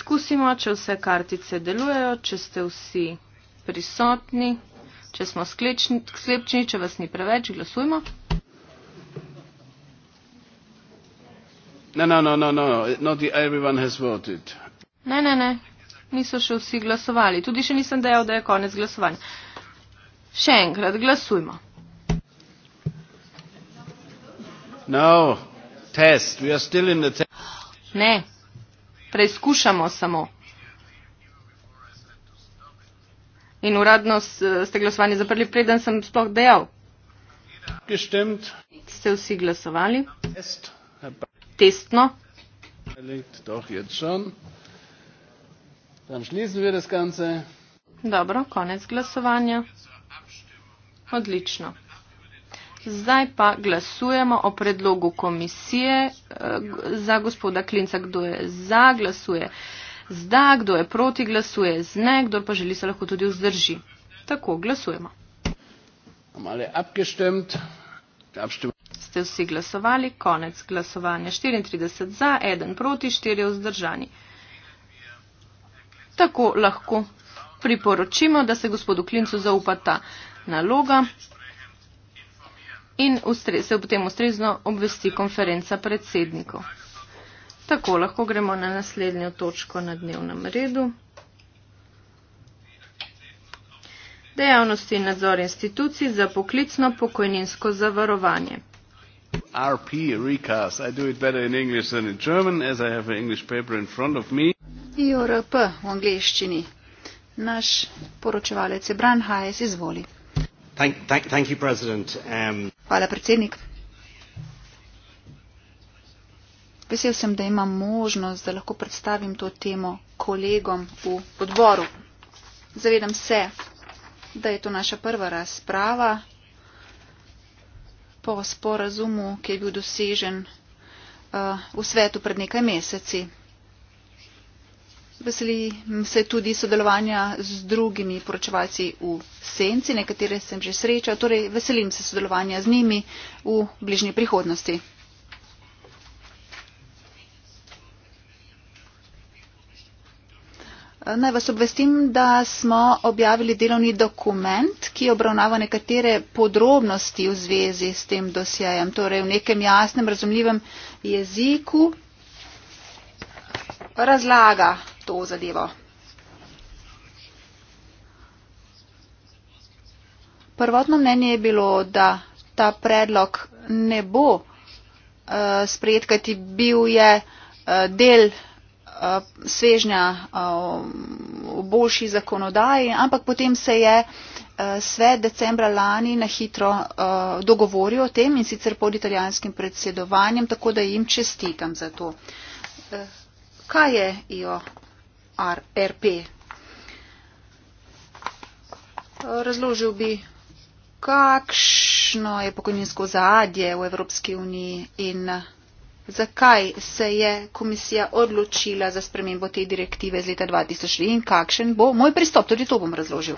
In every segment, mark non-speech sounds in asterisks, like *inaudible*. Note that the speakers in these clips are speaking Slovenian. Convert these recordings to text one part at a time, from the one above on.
Skusimo, če vse kartice delujejo, če ste vsi prisotni, če smo sklepčni, če vas ni preveč, glasujmo. Ne, no, ne, no, ne, no, ne, ne, not everyone has voted. Ne, ne, ne, niso še vsi glasovali. Tudi še nisem dejal, da je konec glasovanja. Še enkrat, glasujmo. No, test, we are still in the test. Ne, preizkušamo samo. In uradno ste glasovanje zaprli, preden sem sploh dejal. Gestemt. Ste vsi glasovali? Test. Testno. Dobro, konec glasovanja. Odlično. Zdaj pa glasujemo o predlogu komisije eh, za gospoda Klinca, kdo je za, glasuje za, kdo je proti, glasuje z ne, kdo pa želi se lahko tudi vzdrži. Tako glasujemo. Ste vsi glasovali, konec glasovanja. 34 za, 1 proti, 4 vzdržani. Tako lahko priporočimo, da se gospodu Klincu zaupa ta naloga in se potem ustrezno obvesti konferenca predsednikov. Tako lahko gremo na naslednjo točko na dnevnem redu. Dejavnosti in nadzor institucij za poklicno pokojninsko zavarovanje. RP Recast. I do it better in English than in German, as I have an English paper in front of me. IRP v angliščini. Naš poročevalec je Bran Hayes, izvoli. Um, Hvala, predsednik. Vesel sem, da imam možnost, da lahko predstavim to temo kolegom v odboru. Zavedam se, da je to naša prva razprava po sporazumu, ki je bil dosežen uh, v svetu pred nekaj meseci. Veseli se tudi sodelovanja z drugimi poročevalci v senci, nekatere sem že srečal, torej veselim se sodelovanja z njimi v bližnji prihodnosti. Naj vas obvestim, da smo objavili delovni dokument, ki obravnava nekatere podrobnosti v zvezi s tem dosjejem, torej v nekem jasnem, razumljivem jeziku razlaga to zadevo. Prvotno mnenje je bilo, da ta predlog ne bo uh, sprejet, kajti bil je uh, del uh, svežnja uh, v boljši zakonodaji, ampak potem se je uh, svet decembra lani na hitro uh, dogovoril o tem in sicer pod italijanskim predsedovanjem, tako da jim čestitam za to. Uh kaj je IORP. Razložil bi, kakšno je pokojninsko zadje v Evropski uniji in zakaj se je komisija odločila za spremembo te direktive z leta 2003 in kakšen bo moj pristop, tudi to bom razložil.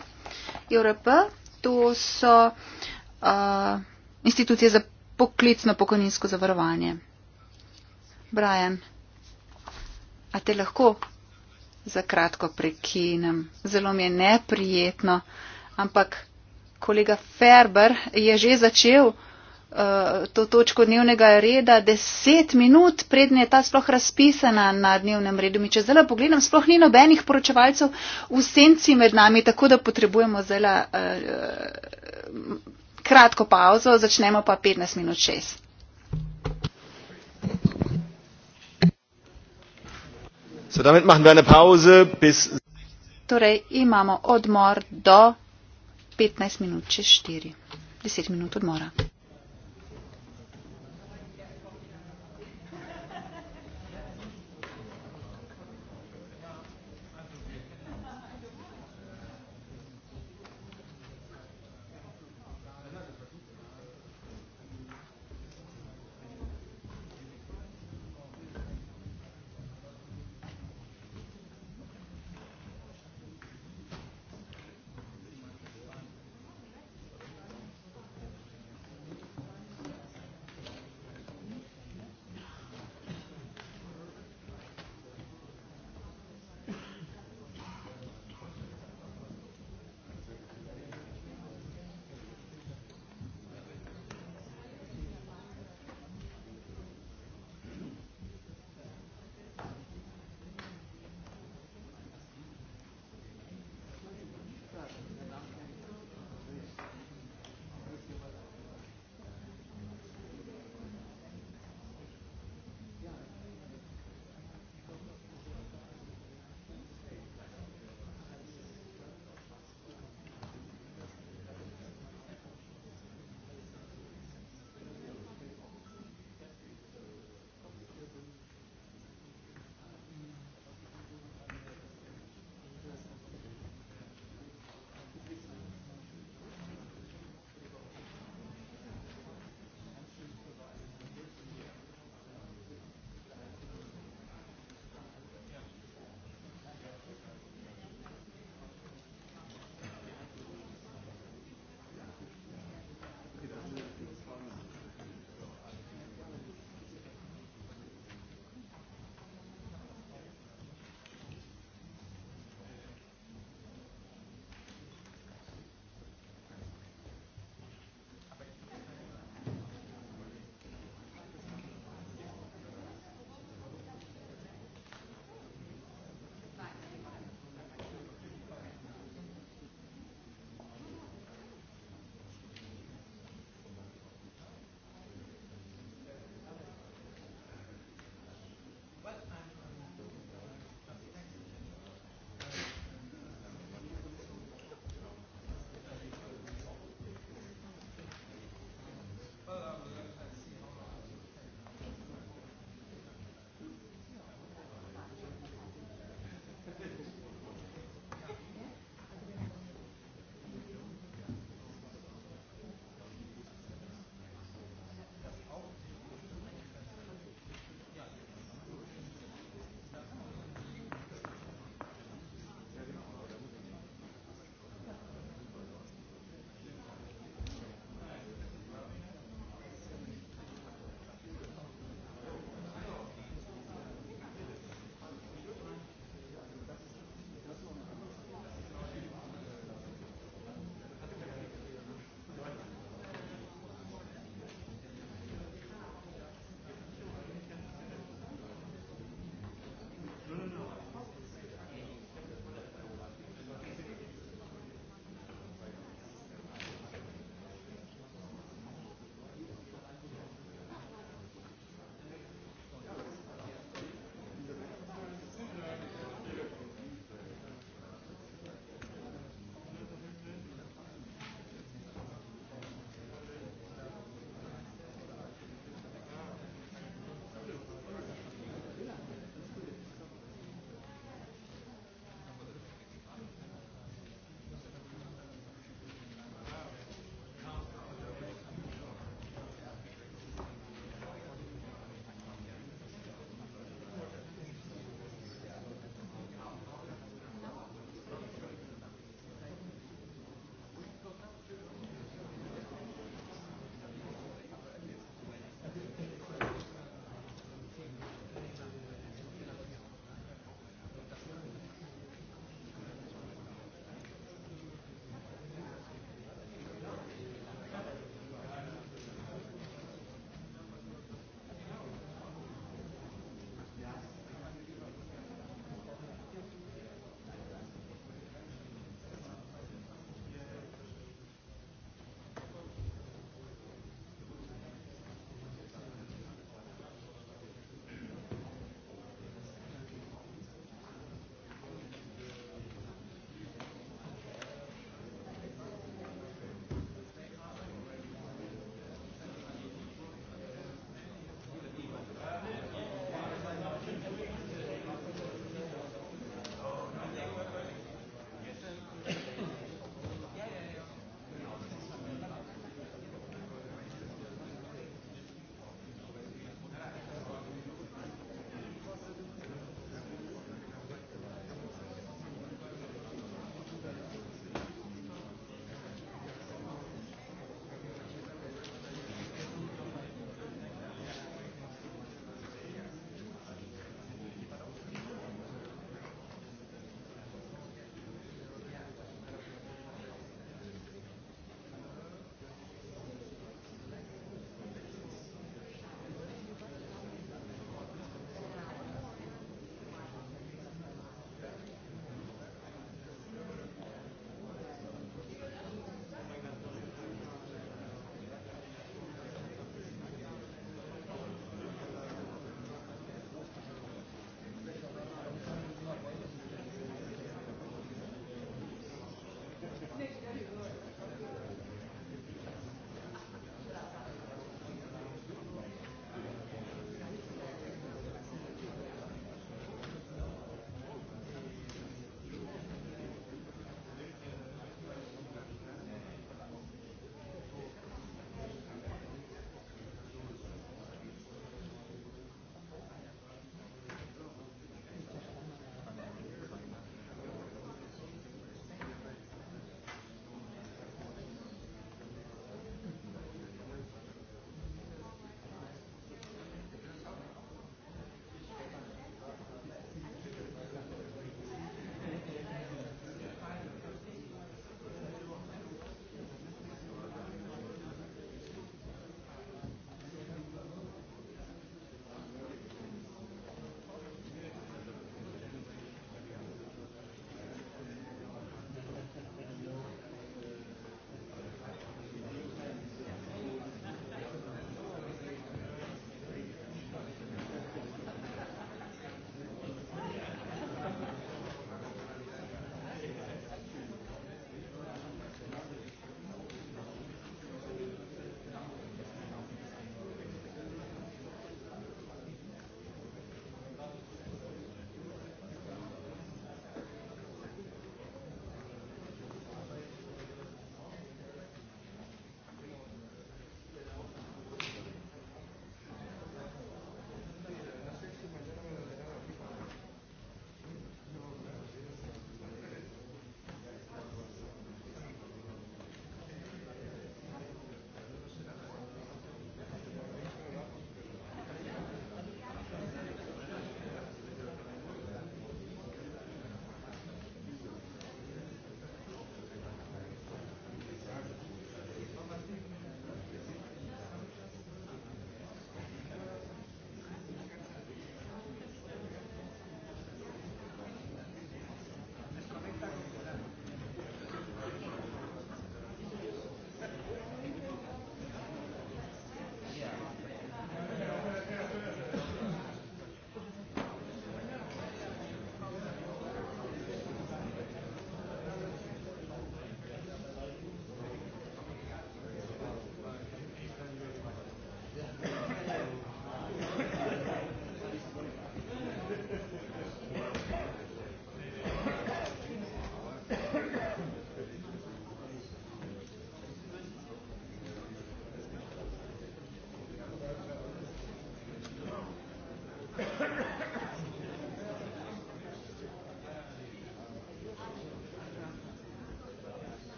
IORP, to so uh, institucije za poklicno pokojninsko zavarovanje. Brian. A te lahko za kratko prekinem? Zelo mi je neprijetno, ampak kolega Ferber je že začel uh, to točko dnevnega reda deset minut, predne je ta sploh razpisana na dnevnem redu. Mi če zelo pogledam, sploh ni nobenih poročevalcev v senci med nami, tako da potrebujemo zelo uh, kratko pauzo, začnemo pa 15 minut 6. Damit machen wir eine Pause bis. Torej, imamo odmor do 15 minut čez 4. 10 minut odmora.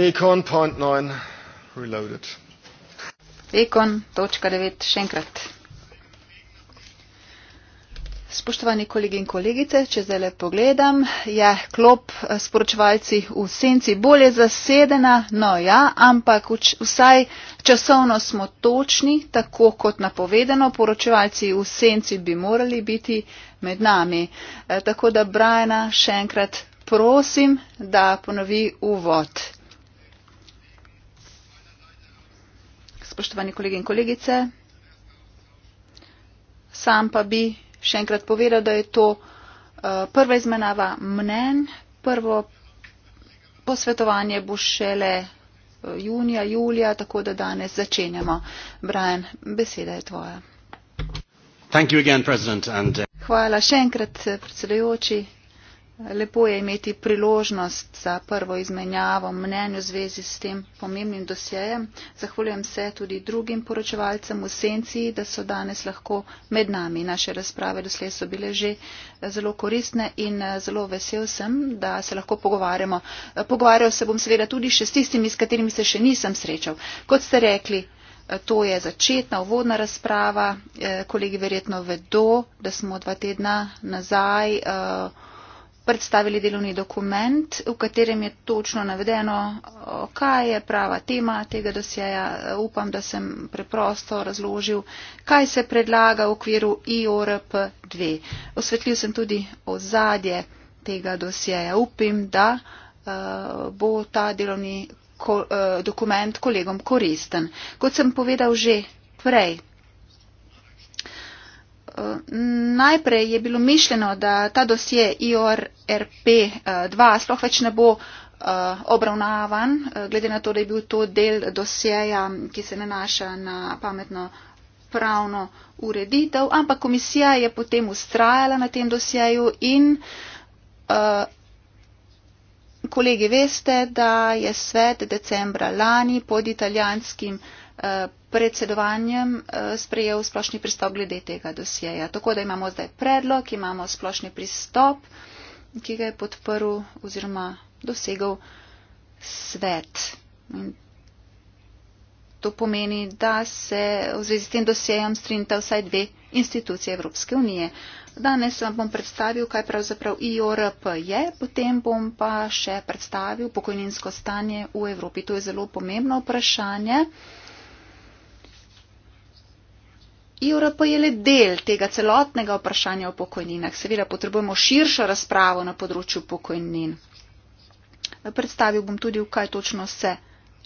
Ekon, point nine, reloaded. Ekon, točka devet, še enkrat. Spoštovani kolegi in kolegice, če zdaj le pogledam, je klop eh, sporočevalci v senci bolje zasedena, no ja, ampak vsaj časovno smo točni, tako kot napovedano, poročevalci v senci bi morali biti med nami. Eh, tako da Brajna še enkrat prosim, da ponovi uvod. spoštovani kolegi in kolegice sam pa bi še enkrat povedal da je to eh, prva izmenava mnen prvo posvetovanje bo šele eh, junija julija tako da danes začenjamo Brian beseda je tvoja Thank you again, President. And, uh, Hvala še enkrat, predsedujoči. Lepo je imeti priložnost za prvo izmenjavo mnenju v zvezi s tem pomembnim dosjejem. Zahvaljujem se tudi drugim poročevalcem v senci, da so danes lahko med nami. Naše razprave doslej so bile že eh, zelo koristne in eh, zelo vesel sem, da se lahko pogovarjamo. Eh, pogovarjal se bom seveda tudi še s tistimi, s katerimi se še nisem srečal. Kot ste rekli, to je začetna uvodna razprava. Kolegi verjetno vedo, da smo dva tedna nazaj predstavili delovni dokument, v katerem je točno navedeno, kaj je prava tema tega dosjeja. Upam, da sem preprosto razložil, kaj se predlaga v okviru IORP2. Osvetljil sem tudi ozadje tega dosjeja. Upim, da e, bo ta delovni e, dokument kolegom koristen. Kot sem povedal že prej, najprej je bilo mišljeno, da ta dosje IORRP2 eh, sploh več ne bo eh, obravnavan, eh, glede na to, da je bil to del dosjeja, ki se nanaša na pametno pravno ureditev, ampak komisija je potem ustrajala na tem dosjeju in kolegi veste, da je svet decembra lani pod italijanskim predsedovanjem eh, sprejel splošni pristop glede tega dosjeja. Tako da imamo zdaj predlog, imamo splošni pristop, ki ga je podprl oziroma dosegal svet. In to pomeni, da se v zvezi s tem dosjejem strinjata vsaj dve institucije Evropske unije. Danes vam bom predstavil, kaj pravzaprav IORP je, potem bom pa še predstavil pokojninsko stanje v Evropi. To je zelo pomembno vprašanje. IRP je le del tega celotnega vprašanja o pokojninah. Seveda potrebujemo širšo razpravo na področju pokojnin. Predstavil bom tudi, kaj točno se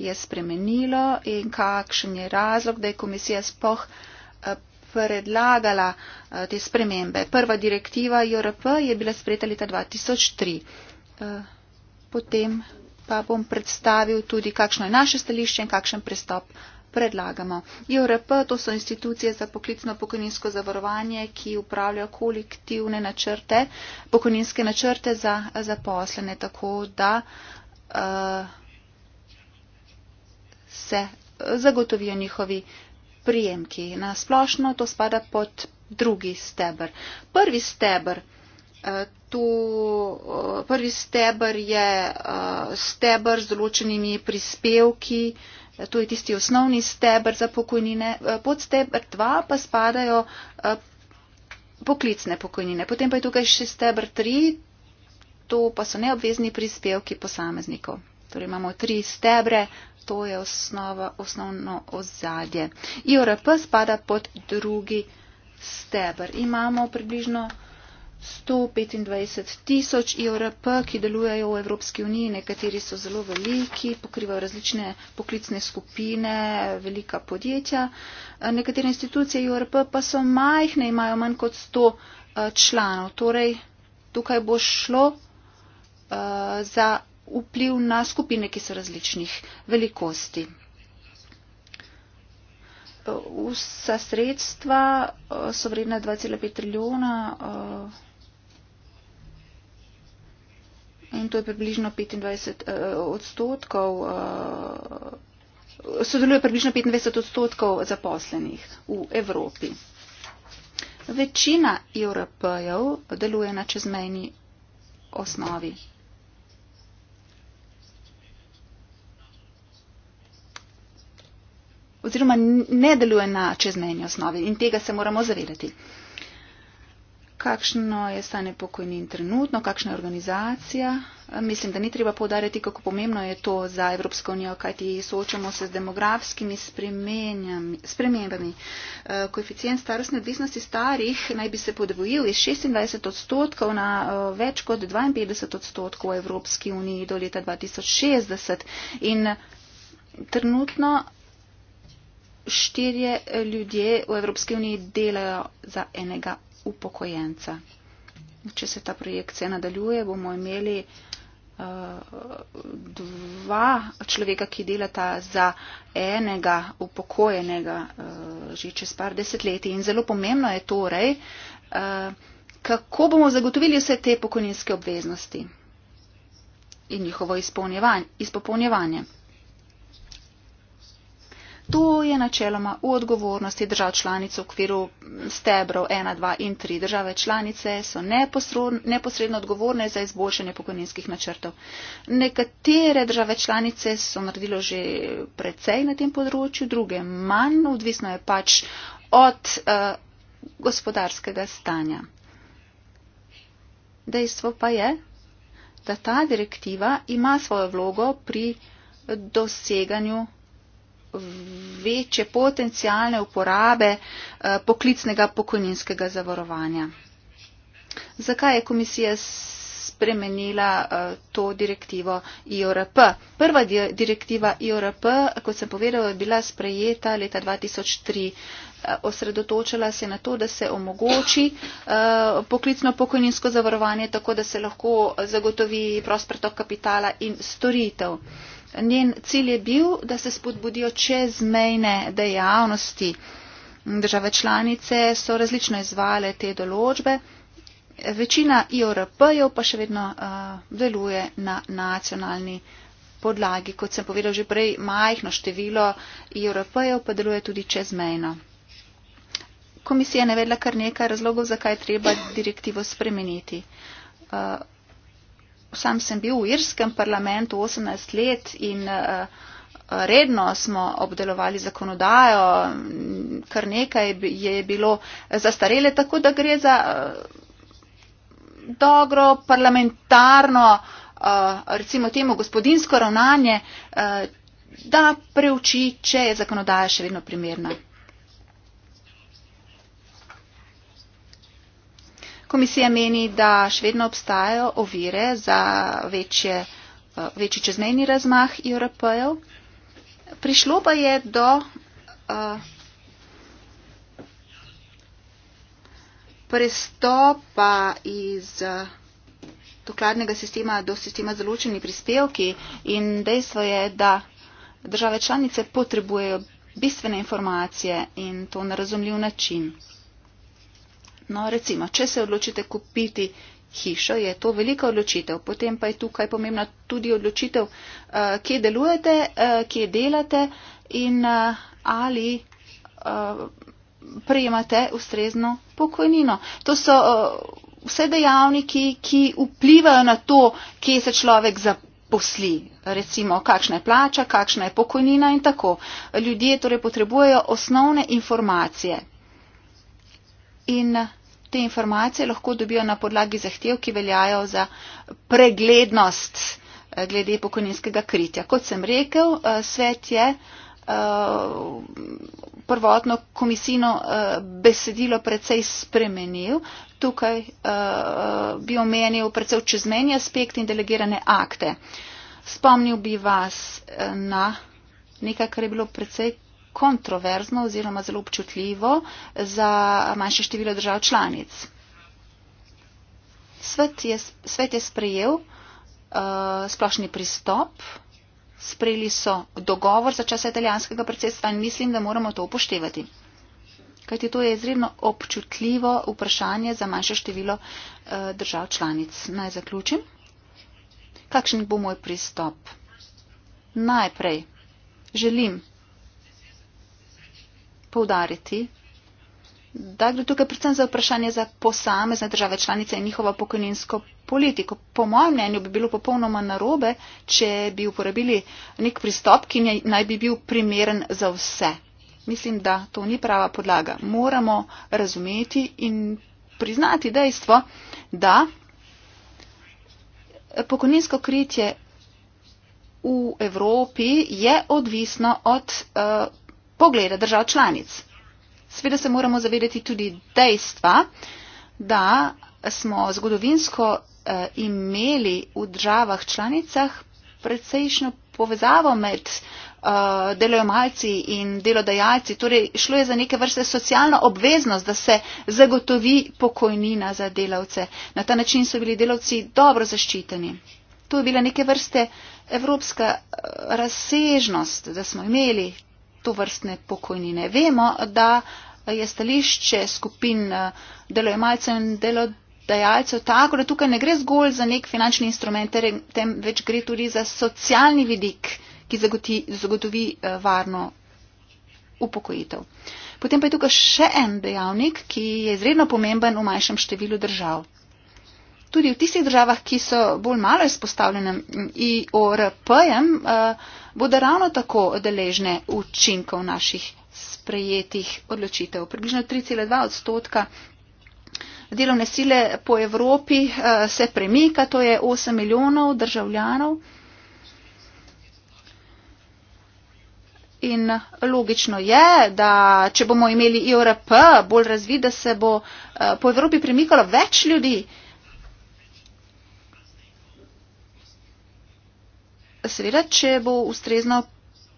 je spremenilo in kakšen je razlog, da je komisija spoh eh, predlagala eh, te spremembe. Prva direktiva IRP je bila sprejeta leta 2003. Eh, potem pa bom predstavil tudi, kakšno je naše stališče in kakšen pristop predlagamo. JRP, to so institucije za poklicno pokojninsko zavarovanje, ki upravljajo kolektivne načrte, pokojninske načrte za zaposlene, tako da uh, se zagotovijo njihovi prijemki. Na splošno to spada pod drugi steber. Prvi steber, eh, to, eh, prvi steber je steber z določenimi prispevki, uh, To je tisti osnovni stebr za pokojnine. Eh, pod stebr 2 pa spadajo eh, poklicne pokojnine. Potem pa je tukaj še stebr 3, to pa so neobvezni prispevki posameznikov. Torej imamo tri stebre, to je osnova, osnovno ozadje. IORP spada pod drugi stebr. Imamo približno 125 tisoč IRP, e ki delujejo v Evropski uniji, nekateri so zelo veliki, pokrivajo različne poklicne skupine, velika podjetja. Eh, nekatere institucije IRP e pa so majhne, imajo manj kot 100 eh, članov. Torej, tukaj bo šlo eh, za vpliv na skupine, ki so različnih velikosti. Vsa sredstva so vredna 2,5 trilijona. In to je približno 25 uh, eh, odstotkov. Uh, Sodeluje približno 25 odstotkov zaposlenih v Evropi. Večina Evropejev deluje na čezmejni osnovi. Oziroma ne deluje na čezmejni osnovi in tega se moramo zavedati kakšno je stanje pokojnin trenutno, kakšna je organizacija. Mislim, da ni treba povdarjati, kako pomembno je to za Evropsko unijo, kajti soočamo se z demografskimi spremembami. E, koeficient starostne odvisnosti starih naj bi se podvojil iz 26 odstotkov na e, več kot 52 odstotkov v Evropski uniji do leta 2060. In trenutno štirje ljudje v Evropski uniji delajo za enega upokojenca. Če se ta projekcija nadaljuje, bomo imeli uh, dva človeka, ki delata za enega upokojenega uh, že čez par desetletij. In zelo pomembno je torej, uh, kako bomo zagotovili vse te pokojninske obveznosti in njihovo izpolnjevanje. izpolnjevanje. To je načeloma v odgovornosti držav članic v okviru stebrov 1, 2 in 3. Države članice so neposredno odgovorne za izboljšanje pokojninskih načrtov. Nekatere države članice so naredilo že precej na tem področju, druge manj, odvisno je pač od eh, gospodarskega stanja. Dejstvo pa je, da ta direktiva ima svojo vlogo pri doseganju večje potencijalne uporabe eh, poklicnega pokojninskega zavarovanja. Zakaj je komisija spremenila eh, to direktivo IORP? Prva direktiva IORP, kot sem povedal, je bila sprejeta leta 2003. Eh, Osredotočila se je na to, da se omogoči poklicno pokojninsko zavarovanje, tako da se lahko zagotovi prost pretok kapitala in storitev njen cilj je bil, da se spodbudijo čezmejne dejavnosti. Države članice so različno izvale te določbe, večina IORP-jev pa še vedno uh, deluje na nacionalni podlagi. Kot sem povedal že prej, majhno število IORP-jev pa deluje tudi čezmejno. Komisija je navedla kar nekaj razlogov, zakaj treba direktivo spremeniti. Uh, sam sem bil v irskem parlamentu 18 let in eh, redno smo obdelovali zakonodajo, kar nekaj je bilo zastarele, tako da gre za eh, dobro parlamentarno, eh, recimo temu gospodinsko ravnanje, da preuči, če je zakonodaja še vedno primerna. Komisija meni, da še vedno obstajajo ovire za večje, eh, večji čezmejni razmah Evropejev. Prišlo pa je do. Eh, prestopa iz eh, dokladnega sistema do sistema zaločeni prispevki in dejstvo je, da države članice potrebujejo bistvene informacije in to na razumljiv način. No, recimo, če se odločite kupiti hišo, je to velika odločitev. Potem pa je tukaj pomembna tudi odločitev, eh, kje delujete, eh, kje delate in eh, ali prejemate ustrezno pokojnino. To so vse dejavniki, ki vplivajo na to, kje se človek zaposli. Recimo, kakšna je plača, kakšna je pokojnina in tako. Ljudje torej potrebujejo osnovne informacije. In te informacije lahko dobijo na podlagi zahtev, ki veljajo za preglednost eh, glede pokojninskega kritja. Kot sem rekel, eh, svet je eh, prvotno komisijno besedilo precej spremenil. Tukaj bi omenil precej čezmenji aspekt in delegirane akte. Spomnil bi vas na nekaj, kar je bilo precej kontroverzno oziroma zelo občutljivo za manjše število držav članic. Svet je, svet je sprejel uh, splošni pristop, sprejeli so dogovor za čas italijanskega predsedstva in mislim, da moramo to upoštevati. Kajti to je izredno občutljivo vprašanje za manjše število uh, držav članic. Naj zaključim. Kakšen bo moj pristop? Najprej želim poudariti, da gre tukaj predvsem za vprašanje za posamezne države članice in njihovo pokojninsko politiko. Po mojem mnenju bi bilo popolnoma narobe, če bi uporabili nek pristop, ki naj bi bil primeren za vse. Mislim, da to ni prava podlaga. Moramo razumeti in priznati dejstvo, da pokojninsko kritje v Evropi je odvisno od uh, pogleda držav članic. Sveda se moramo zavedati tudi dejstva, da smo zgodovinsko eh, imeli v državah članicah precejšno povezavo med uh, delojemalci in delodajalci. Torej, šlo je za neke vrste socialno obveznost, da se zagotovi pokojnina za delavce. Na ta način so bili delavci dobro zaščiteni. To je bila neke vrste evropska eh, razsežnost, da smo imeli to vrstne pokojnine. Vemo, da je stališče skupin eh, delojemalcev in delodajalcev tako, da tukaj ne gre zgolj za nek finančni instrument, temveč gre tudi za socialni vidik, ki zagoti, zagotovi eh, varno upokojitev. Potem pa je tukaj še en dejavnik, ki je izredno pomemben v manjšem številu držav tudi v tistih državah, ki so bolj malo izpostavljene IORP-jem, eh, bodo ravno tako deležne učinkov naših sprejetih odločitev. Približno 3,2 odstotka delovne sile po Evropi eh, se premika, to je 8 milijonov državljanov. In logično je, da če bomo imeli IORP bolj razvid, da se bo eh, po Evropi premikalo več ljudi, seveda, če bo ustrezno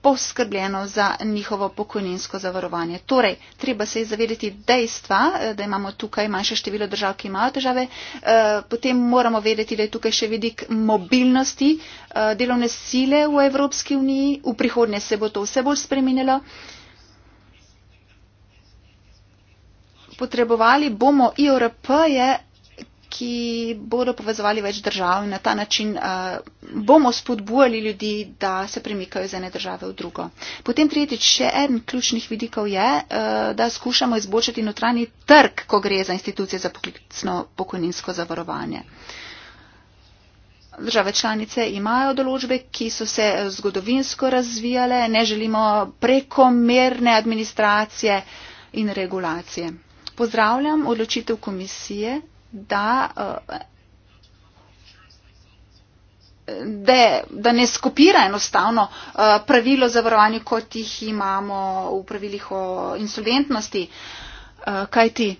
poskrbljeno za njihovo pokojninsko zavarovanje. Torej, treba se je zavedeti dejstva, eh, da imamo tukaj manjše število držav, ki imajo težave. Eh, potem moramo vedeti, da je tukaj še vidik mobilnosti eh, delovne sile v Evropski uniji. V prihodnje se bo to vse bolj spremenilo. Potrebovali bomo IRP-je, ki bodo povezovali več držav in na ta način uh, bomo spodbujali ljudi, da se premikajo iz ene države v drugo. Potem tretjič, še en ključnih vidikov je, uh, da skušamo izboljšati notranji trg, ko gre za institucije za poklicno pokojninsko zavarovanje. Države članice imajo določbe, ki so se eh, zgodovinsko razvijale, ne želimo prekomerne administracije in regulacije. Pozdravljam odločitev komisije da, da, da ne skopira enostavno pravilo zavarovanja, kot jih imamo v pravilih o insolventnosti. Kaj ti?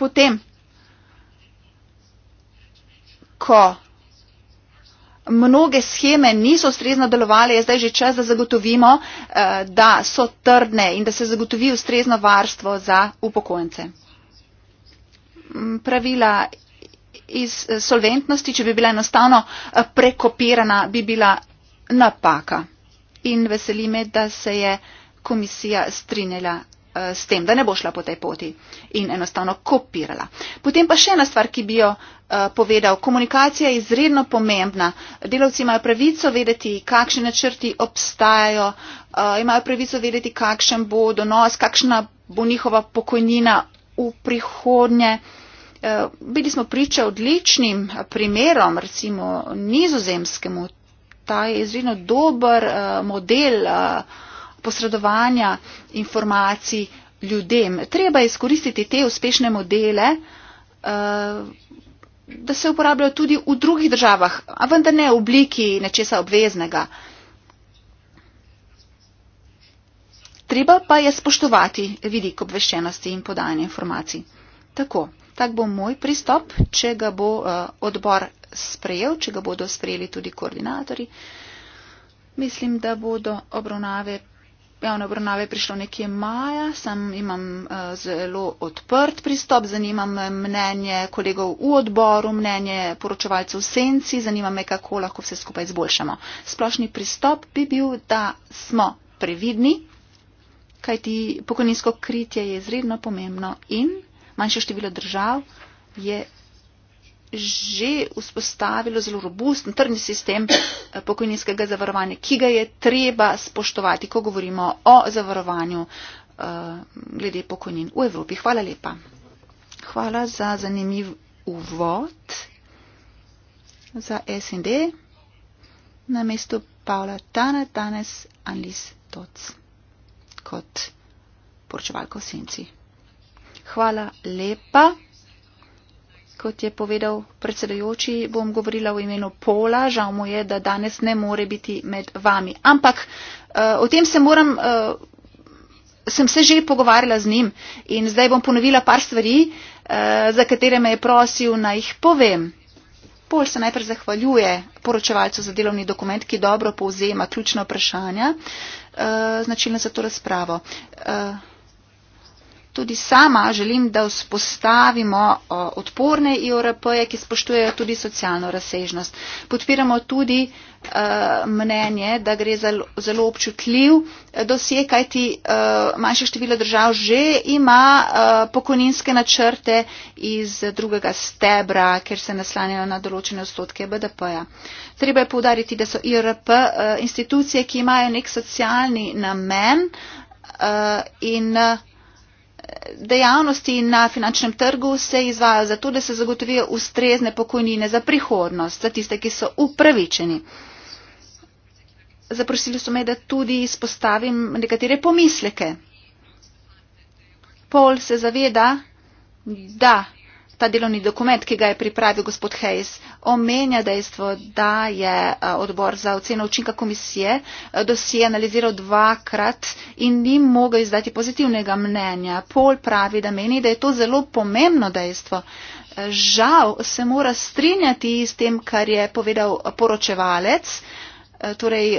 Potem, ko mnoge scheme niso ustrezno delovale, je zdaj že čas, da zagotovimo, eh, da so trdne in da se zagotovi ustrezno varstvo za upokojence pravila iz eh, solventnosti, če bi bila enostavno eh, prekopirana, bi bila napaka. In veseli me, da se je komisija strinjala eh, s tem, da ne bo šla po tej poti in enostavno kopirala. Potem pa še ena stvar, ki bi jo povedal. Komunikacija je izredno pomembna. Delavci imajo pravico vedeti, kakšne načrti obstajajo, imajo pravico vedeti, kakšen bo donos, kakšna bo njihova pokojnina v prihodnje. Eh, bili smo priča odličnim primerom, recimo nizozemskemu. Ta je izredno dober eh, model eh, posredovanja informacij ljudem. Treba je izkoristiti te uspešne modele, da se uporabljajo tudi v drugih državah, a vendar ne v obliki nečesa obveznega. Treba pa je spoštovati vidik obveščenosti in podajanja informacij. Tako tak bo moj pristop, če ga bo eh, odbor sprejel, če ga bodo sprejeli tudi koordinatori. Mislim, da bo do obravnave, javne obravnave prišlo nekje maja, sem imam eh, zelo odprt pristop, zanimam mnenje kolegov v odboru, mnenje poročevalcev v senci, zanimam me, kako lahko vse skupaj izboljšamo. Splošni pristop bi bil, da smo previdni, kajti pokojninsko kritje je izredno pomembno in manjše število držav je že vzpostavilo zelo robustni trdni sistem eh, pokojninskega zavarovanja, ki ga je treba spoštovati, ko govorimo o zavarovanju uh, glede pokojnin v Evropi. Hvala lepa. Hvala za zanimiv uvod za SND. Na mestu Pavla Tane danes Anlis Toc kot poročevalko v Senci. Hvala lepa. Kot je povedal predsedujoči, bom govorila v imenu Pola. Žal mu je, da danes ne more biti med vami. Ampak uh, o tem se moram, uh, sem se že pogovarjala z njim in zdaj bom ponovila par stvari, uh, za katere me je prosil, naj jih povem. Pol se najprej zahvaljuje poročevalcu za delovni dokument, ki dobro povzema ključna vprašanja, uh, značilna za to razpravo. Uh, tudi sama želim, da vzpostavimo odporne IORP-je, ki spoštujejo tudi socialno razsežnost. Podpiramo tudi e, mnenje, da gre za zelo občutljiv e, dosje, kajti e, manjše število držav že ima pokojninske načrte iz drugega stebra, ker se naslanjajo na določene odstotke BDP-ja. Treba je povdariti, da so IRP institucije, ki imajo nek socialni namen in dejavnosti na finančnem trgu se izvajajo zato, da se zagotovijo ustrezne pokojnine za prihodnost, za tiste, ki so upravičeni. Zaprosili so me, da tudi izpostavim nekatere pomisleke. Pol se zaveda, da ta delovni dokument, ki ga je pripravil gospod Hayes, omenja dejstvo, da je eh, odbor za oceno učinka komisije eh, dosije analiziral dvakrat in ni mogel izdati pozitivnega mnenja. Pol pravi, da meni, da je to zelo pomembno dejstvo. Eh, žal se mora strinjati s tem, kar je povedal poročevalec. Torej,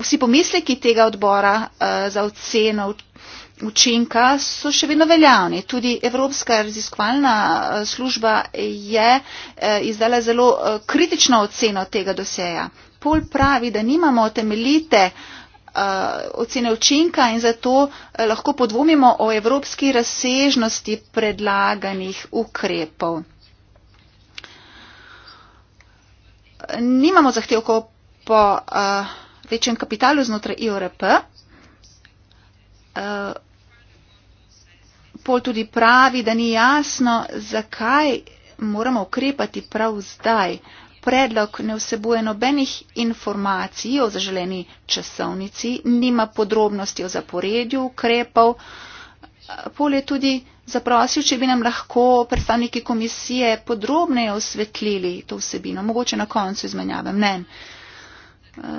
vsi pomisleki tega odbora za oceno učinka so še vedno veljavni. Tudi Evropska raziskovalna eh, služba je eh, izdala zelo eh, kritično oceno tega doseja. Pol pravi, da nimamo temeljite ocene učinka in zato lahko podvomimo o evropski razsežnosti predlaganih ukrepov. Nimamo zahtevkov po uh, večjem kapitalu znotraj IORP. Uh, pol tudi pravi, da ni jasno, zakaj moramo ukrepati prav zdaj. Predlog ne vsebuje nobenih informacij o zaželeni časovnici, nima podrobnosti o zaporedju ukrepov. Pol je tudi zaprosil, če bi nam lahko predstavniki komisije podrobneje osvetlili to vsebino, mogoče na koncu izmenjave mnen.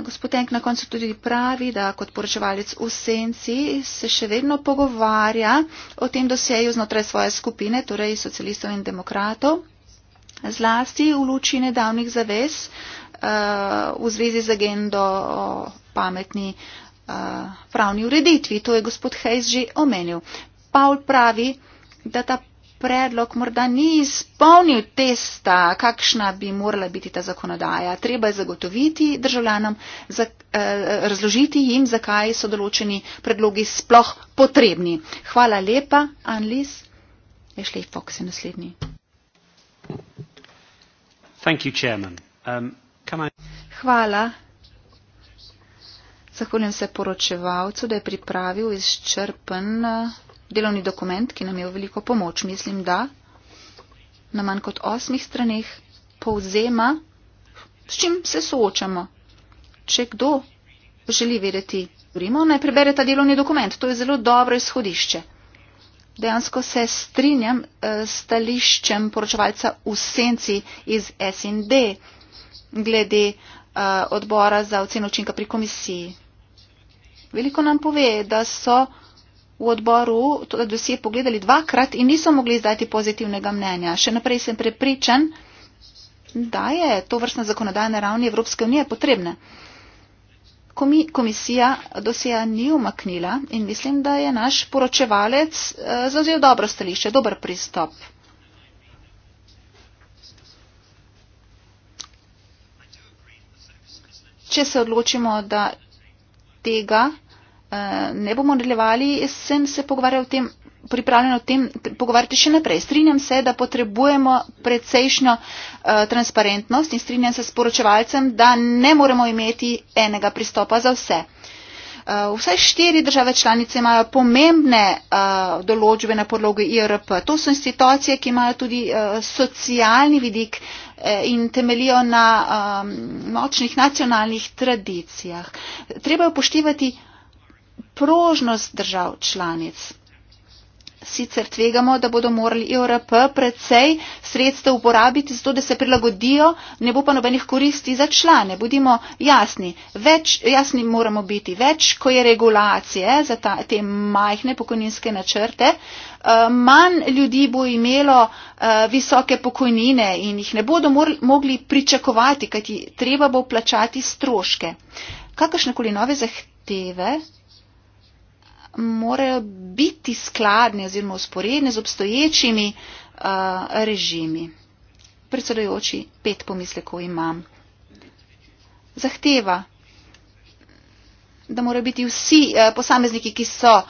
Gospod Enk na koncu tudi pravi, da kot poročevalec v senci se še vedno pogovarja o tem dosjeju znotraj svoje skupine, torej socialistov in demokratov, zlasti v luči nedavnih zaves eh, v zvezi z agendo o pametni eh, pravni ureditvi. To je gospod Hejs že omenil. Paul pravi, da ta predlog morda ni izpolnil testa, kakšna bi morala biti ta zakonodaja. Treba je zagotoviti državljanom, za, eh, razložiti jim, zakaj so določeni predlogi sploh potrebni. Hvala lepa, Anlis. Ešlej ja, Fox je naslednji. You, um, I... Hvala. Zahvaljujem se poročevalcu, da je pripravil izčrpen. Uh, delovni dokument, ki nam je v veliko pomoč. Mislim, da na manj kot osmih straneh povzema, s čim se soočamo. Če kdo želi vedeti, govorimo, naj prebere ta delovni dokument. To je zelo dobro izhodišče. Dejansko se strinjam eh, s stališčem poročevalca v senci iz SND glede eh, odbora za oceno učinka pri komisiji. Veliko nam pove, da so v odboru dosije pogledali dvakrat in niso mogli izdati pozitivnega mnenja. Še naprej sem prepričan, da je to vrstna zakonodajna ravni Evropske unije potrebna. Komi, komisija dosija ni umaknila in mislim, da je naš poročevalec eh, zauzel dobro stališče, dober pristop. Če se odločimo, da tega Eh, ne bomo nadaljevali, sem se pogovarjal o tem, pripravljen o tem pogovarjati še naprej. Strinjam se, da potrebujemo precejšnjo eh, transparentnost in strinjam se s poročevalcem, da ne moremo imeti enega pristopa za vse. Eh, vsaj štiri države članice imajo pomembne uh, določbe na podlogi IRP. To so institucije, ki imajo tudi uh, socialni vidik eh, in temelijo na um, močnih nacionalnih tradicijah. Treba upoštevati prožnost držav članic. Sicer tvegamo, da bodo morali IRP e precej sredstev uporabiti zato, da se prilagodijo, ne bo pa nobenih koristi za člane. Budimo jasni, več, jasni moramo biti, več ko je regulacije za ta, te majhne pokojninske načrte, eh, manj ljudi bo imelo eh, visoke pokojnine in jih ne bodo mor, mogli pričakovati, kajti treba bo plačati stroške. Kakršnekoli nove zahteve morajo biti skladne oziroma usporedne z obstoječimi uh, režimi. Predsedojoči, pet pomislekov imam. Zahteva, da morajo biti vsi uh, posamezniki, ki so uh,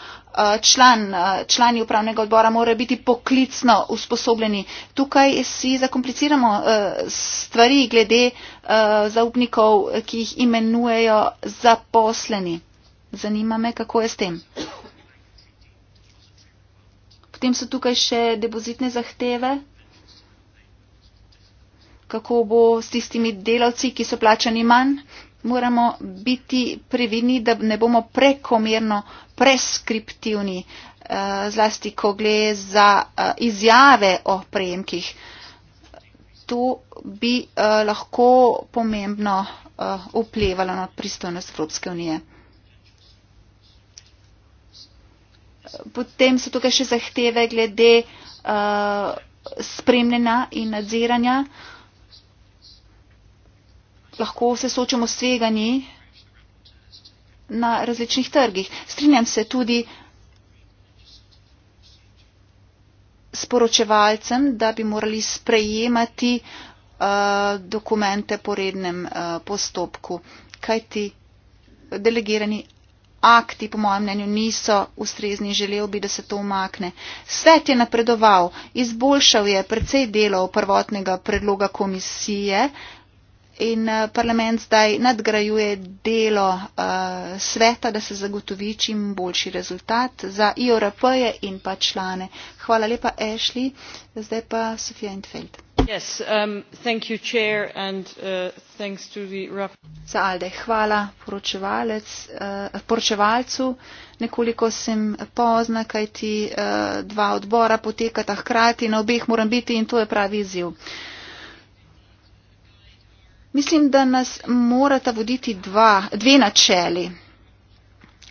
član, uh, člani upravnega odbora, morajo biti poklicno usposobljeni. Tukaj si zakompliciramo uh, stvari glede uh, zaupnikov, ki jih imenujejo zaposleni. Zanima me, kako je s tem. Potem so tukaj še depozitne zahteve. Kako bo s tistimi delavci, ki so plačani manj? Moramo biti previdni, da ne bomo prekomerno preskriptivni, eh, zlasti, ko gre za eh, izjave o prejemkih. To bi eh, lahko pomembno vplivalo na pristojnost Evropske unije. Potem so tukaj še zahteve glede uh, eh, spremljena in nadziranja. Lahko se soočamo s tveganji na različnih trgih. Strinjam se tudi s poročevalcem, da bi morali sprejemati uh, dokumente po rednem uh, postopku, kajti delegirani akti, po mojem mnenju, niso ustrezni in želel bi, da se to umakne. Svet je napredoval, izboljšal je precej delo prvotnega predloga komisije in eh, parlament zdaj nadgrajuje delo uh, sveta, da se zagotovi čim boljši rezultat za IORP-je in pa člane. Hvala lepa, Ashley. Zdaj pa Sofija Entfeld. Um, uh, zalde hvala uh, poročevalcu. Nekoliko sem pozna, kajti uh, dva odbora potekata hkrati, na obeh moram biti in to je pravi izziv. Mislim, da nas morata voditi dva, dve načeli.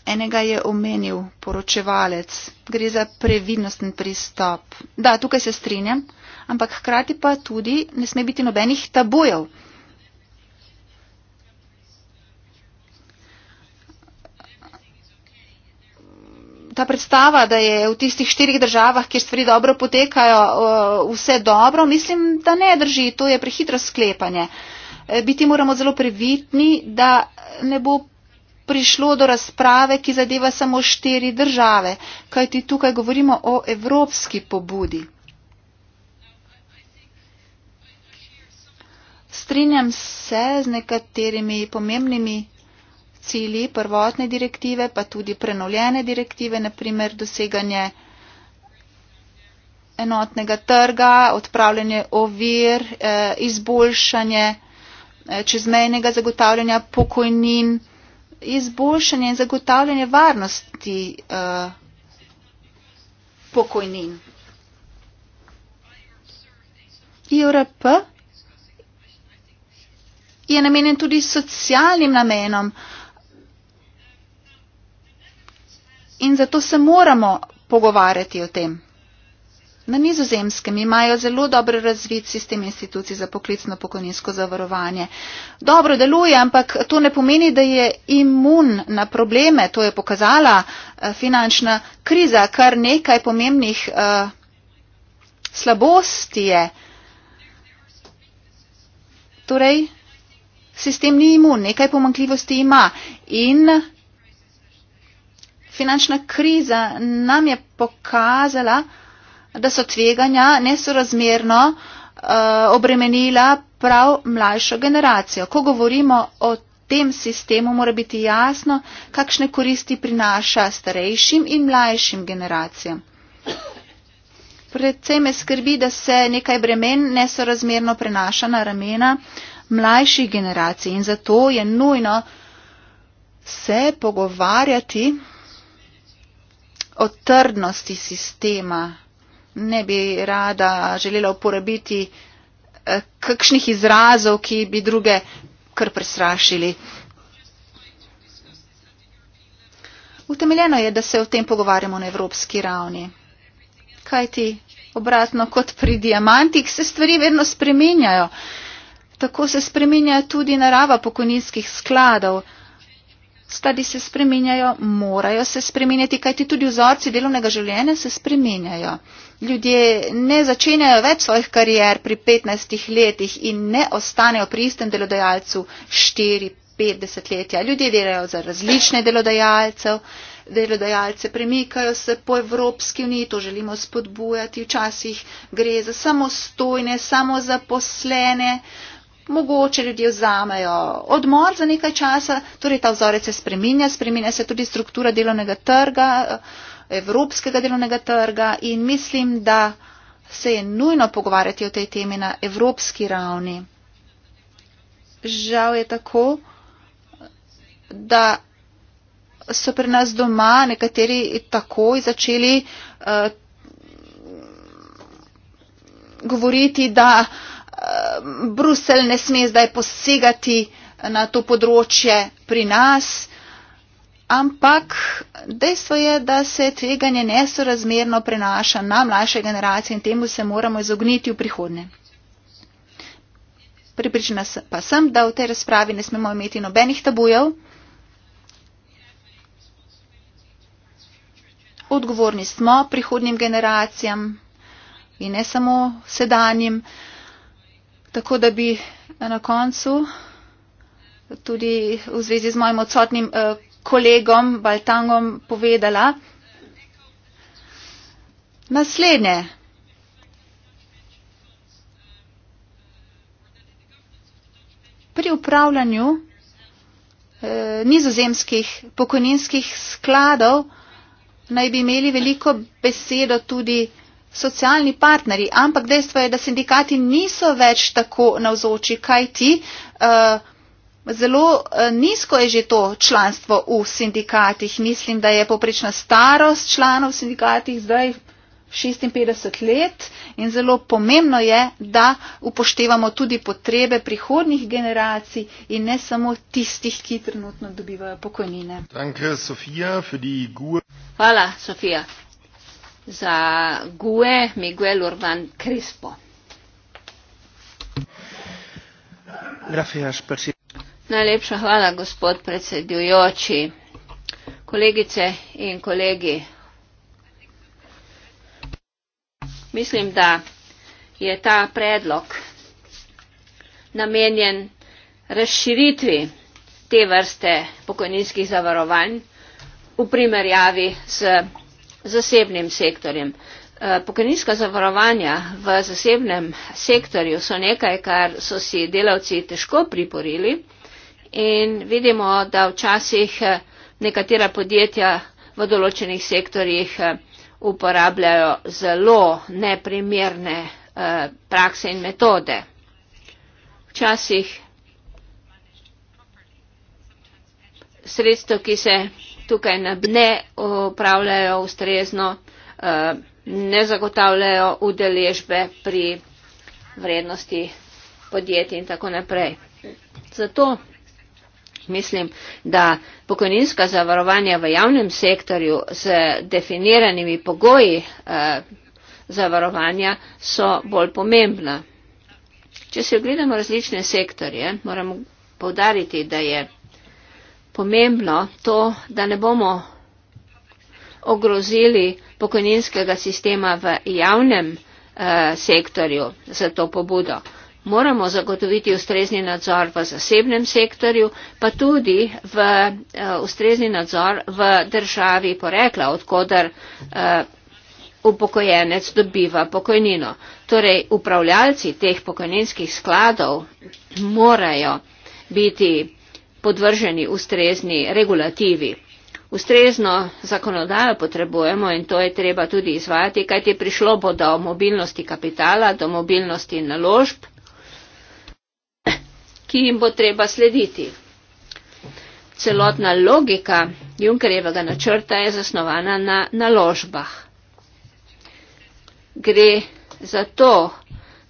Enega je omenil poročevalec. Gre za previdnostni pristop. Da, tukaj se strinjam ampak hkrati pa tudi ne sme biti nobenih tabujev. Ta predstava, da je v tistih štirih državah, kjer stvari dobro potekajo, eh, vse dobro, mislim, da ne drži. To je prehitro sklepanje. Eh, biti moramo zelo previdni, da ne bo prišlo do razprave, ki zadeva samo štiri države, kajti tukaj govorimo o evropski pobudi. Strinjam se z nekaterimi pomembnimi cilji prvotne direktive, pa tudi prenovljene direktive, naprimer doseganje enotnega trga, odpravljanje ovir, eh, izboljšanje eh, čezmejnega zagotavljanja pokojnin, izboljšanje in zagotavljanje varnosti eh, pokojnin. IRP je namenjen tudi socialnim namenom. In zato se moramo pogovarjati o tem. Na nizozemskem imajo zelo dobro razvit sistem institucij za poklicno pokojninsko zavarovanje. Dobro deluje, ampak to ne pomeni, da je imun na probleme. To je pokazala eh, finančna kriza, kar nekaj pomembnih uh, slabosti je. Torej, sistem ni imun, nekaj pomankljivosti ima in finančna kriza nam je pokazala, da so tveganja nesorazmerno uh, obremenila prav mlajšo generacijo. Ko govorimo o tem sistemu, mora biti jasno, kakšne koristi prinaša starejšim in mlajšim generacijam. Predvsem me skrbi, da se nekaj bremen nesorazmerno prenaša na ramena uh, mlajših generacij in zato je nujno se pogovarjati o trdnosti sistema. Ne bi rada želela uporabiti eh, kakšnih izrazov, ki bi druge kar presrašili. Utemeljeno je, da se o tem pogovarjamo na evropski ravni. Kaj ti obratno kot pri diamantih se stvari vedno spremenjajo tako se spreminja tudi narava pokojninskih skladov. Stadi se spreminjajo, morajo se spreminjati, kajti tudi vzorci delovnega življenja se spreminjajo. Ljudje ne začenjajo več svojih karier pri 15 letih in ne ostanejo pri istem delodajalcu 4-50 letja. Ljudje delajo za različne delodajalce, delodajalce premikajo se po Evropski uniji, to želimo spodbujati, včasih gre za samostojne, samozaposlene. Uh, mogoče ljudje vzamejo odmor za nekaj časa, torej ta vzorec se spreminja, spreminja se tudi struktura delovnega trga, eh, evropskega delovnega trga in mislim, da se je nujno pogovarjati o tej temi na evropski ravni. Žal je tako, da so pri nas doma nekateri takoj začeli uh, govoriti, da uh, Ehm, Bruselj ne sme zdaj posegati na to področje pri nas, ampak dejstvo je, da se tveganje nesorazmerno prenaša na mlajše generacije in temu se moramo izogniti v prihodnje. Pripričana pa sem, da v tej razpravi ne smemo imeti nobenih tabujev. Odgovorni smo prihodnim generacijam in ne samo sedanjim. Tako da bi na koncu tudi v zvezi z mojim odsotnim eh, kolegom Baltangom povedala naslednje. Pri upravljanju eh, nizozemskih pokojninskih skladov naj bi imeli veliko besedo tudi socialni partnerji, ampak dejstvo je, da sindikati niso več tako navzoči, kaj ti. Eh, zelo eh, nizko je že to članstvo v sindikatih. Mislim, da je poprečna starost članov v sindikatih zdaj 56 let in zelo pomembno je, da upoštevamo tudi potrebe prihodnih generacij in ne samo tistih, ki trenutno dobivajo pokojnine. Danke, Sofia, Hvala, Sofija za GUE Miguel Urban Crispo. Gracias, Najlepša hvala, gospod predsedujoči, kolegice in kolegi. Mislim, da je ta predlog namenjen razširitvi te vrste pokojninskih zavarovanj v primerjavi s zasebnim sektorjem. Eh, pokojninska zavarovanja v zasebnem sektorju so nekaj, kar so si delavci težko priporili in vidimo, da včasih eh, nekatera podjetja v določenih sektorjih eh, uporabljajo zelo neprimerne prakse in metode. Včasih sredstvo, ki se tukaj ne upravljajo ustrezno, eh, ne zagotavljajo udeležbe pri vrednosti podjetij in tako naprej. Zato mislim, da pokojninska zavarovanja v javnem sektorju z definiranimi pogoji eh, zavarovanja so bolj pomembna. Če si ogledamo različne sektorje, moramo povdariti, da je pomembno to, da ne bomo ogrozili pokojninskega sistema v javnem eh, sektorju za to pobudo. Moramo zagotoviti ustrezni nadzor v zasebnem sektorju, pa tudi v eh, ustrezni nadzor v državi porekla, odkudar eh, upokojenec dobiva pokojnino. Torej, upravljalci teh pokojninskih skladov morajo biti podvrženi ustrezni regulativi. Ustrezno zakonodajo potrebujemo in to je treba tudi izvajati, kajti prišlo bo do mobilnosti kapitala, do mobilnosti naložb, ki jim bo treba slediti. Celotna logika Junkerjevega načrta je zasnovana na naložbah. Gre za to,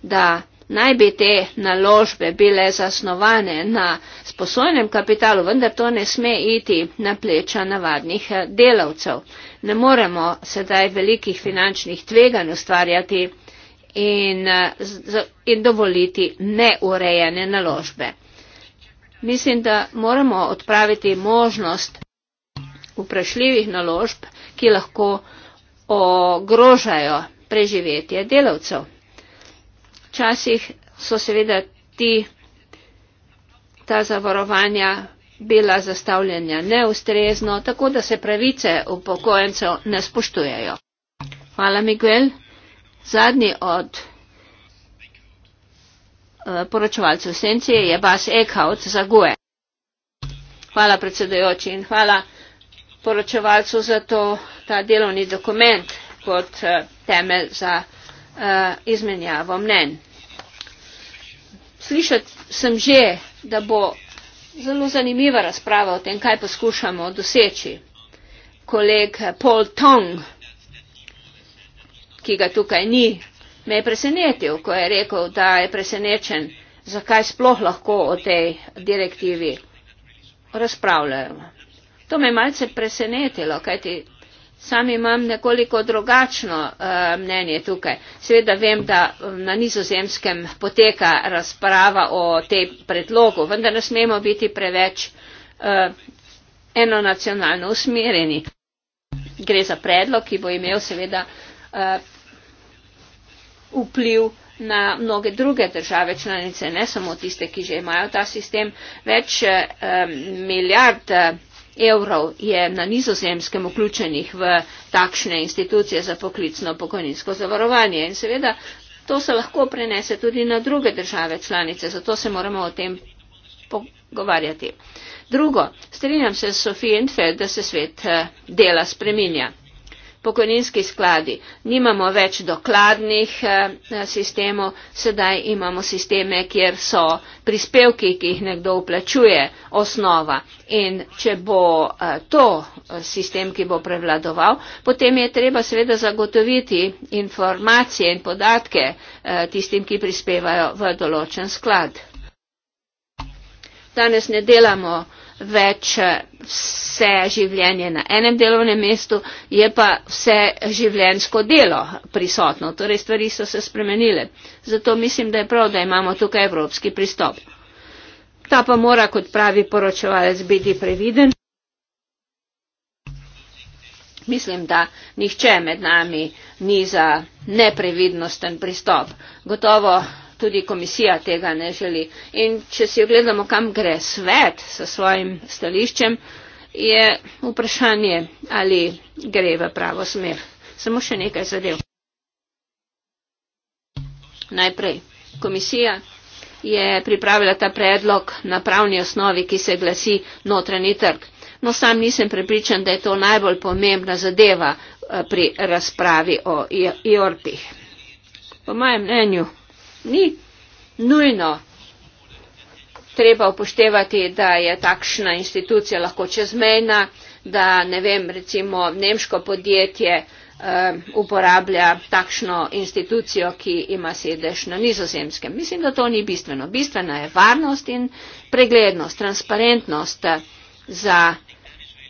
da naj bi te naložbe bile zasnovane na sposojenem kapitalu, vendar to ne sme iti na pleča navadnih eh, delavcev. Ne moremo sedaj velikih finančnih tveganj ustvarjati in, eh, in dovoliti neurejene naložbe. Mislim, da moramo odpraviti možnost vprašljivih naložb, ki lahko ogrožajo preživetje delavcev. Včasih so seveda ti ta zavarovanja bila zastavljena neustrezno, tako da se pravice upokojencev ne spoštujejo. Hvala, Miguel. Zadnji od eh, poročevalcev Sencije je Bas Ekhaut za Gue. Hvala predsedojoči in hvala poročevalcu za to, ta delovni dokument kot eh, temelj za uh, izmenjavo mnen. Slišati sem že da bo zelo zanimiva razprava o tem, kaj poskušamo doseči. Koleg Paul Tong, ki ga tukaj ni, me je presenetil, ko je rekel, da je presenečen, zakaj sploh lahko o tej direktivi razpravljajo. To me je malce presenetilo, kajti Sam imam nekoliko drugačno uh, mnenje tukaj. Sveda vem, da eh, na nizozemskem poteka razprava o tej predlogu, vendar ne smemo biti preveč uh, enonacionalno usmerjeni. Gre za predlog, ki bo imel seveda uh, vpliv na mnoge druge države članice, ne samo tiste, ki že imajo ta sistem. Več uh, milijard. Uh, evrov je na nizozemskem vključenih v takšne institucije za poklicno pokojninsko zavarovanje. In seveda to se lahko prenese tudi na druge države članice, zato se moramo o tem pogovarjati. Drugo, strinjam se s Sofijo Enfeld, da se svet eh, dela spreminja pokojninski skladi. Nimamo več dokladnih eh, sistemov, sedaj imamo sisteme, kjer so prispevki, ki jih nekdo uplačuje, osnova. In če bo eh, to eh, sistem, ki bo prevladoval, potem je treba seveda zagotoviti informacije in podatke tistim, ki prispevajo v določen sklad. Danes ne delamo več eh, vse življenje na enem delovnem mestu, je pa vse življensko delo prisotno. Torej stvari so se spremenile. Zato mislim, da je prav, da imamo tukaj evropski pristop. Ta pa mora, kot pravi poročevalec, biti previden. Mislim, da nihče med nami ni za neprevidnosten pristop. Gotovo tudi komisija tega ne želi. In če si ogledamo, kam gre svet sa svojim stališčem, je vprašanje, ali gre v pravo smer. Samo še nekaj zadev. Najprej, komisija je pripravila ta predlog na pravni osnovi, ki se glasi notranji trg. No, sam nisem prepričan, da je to najbolj pomembna zadeva eh, pri razpravi o IORPih. Po mojem mnenju, ni nujno treba upoštevati, da je takšna institucija lahko čezmejna, da ne vem, recimo nemško podjetje eh, uporablja takšno institucijo, ki ima sedež na nizozemskem. Mislim, da to ni bistveno. Bistvena je varnost in preglednost, transparentnost eh, za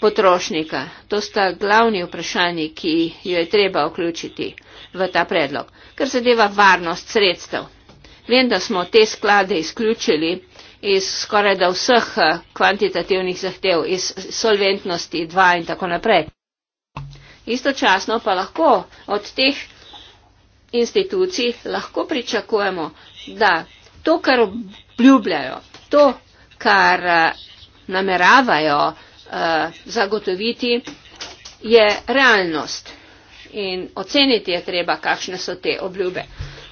potrošnika. To sta glavni vprašanji, ki jo je treba vključiti v ta predlog. Kar zadeva varnost sredstev. Vem, da smo te sklade izključili iz skoraj da vseh eh, kvantitativnih zahtev, iz solventnosti 2 in tako naprej. Istočasno pa lahko od teh institucij lahko pričakujemo, da to, kar obljubljajo, to, kar eh, nameravajo eh, zagotoviti, je realnost. In oceniti je treba, kakšne so te obljube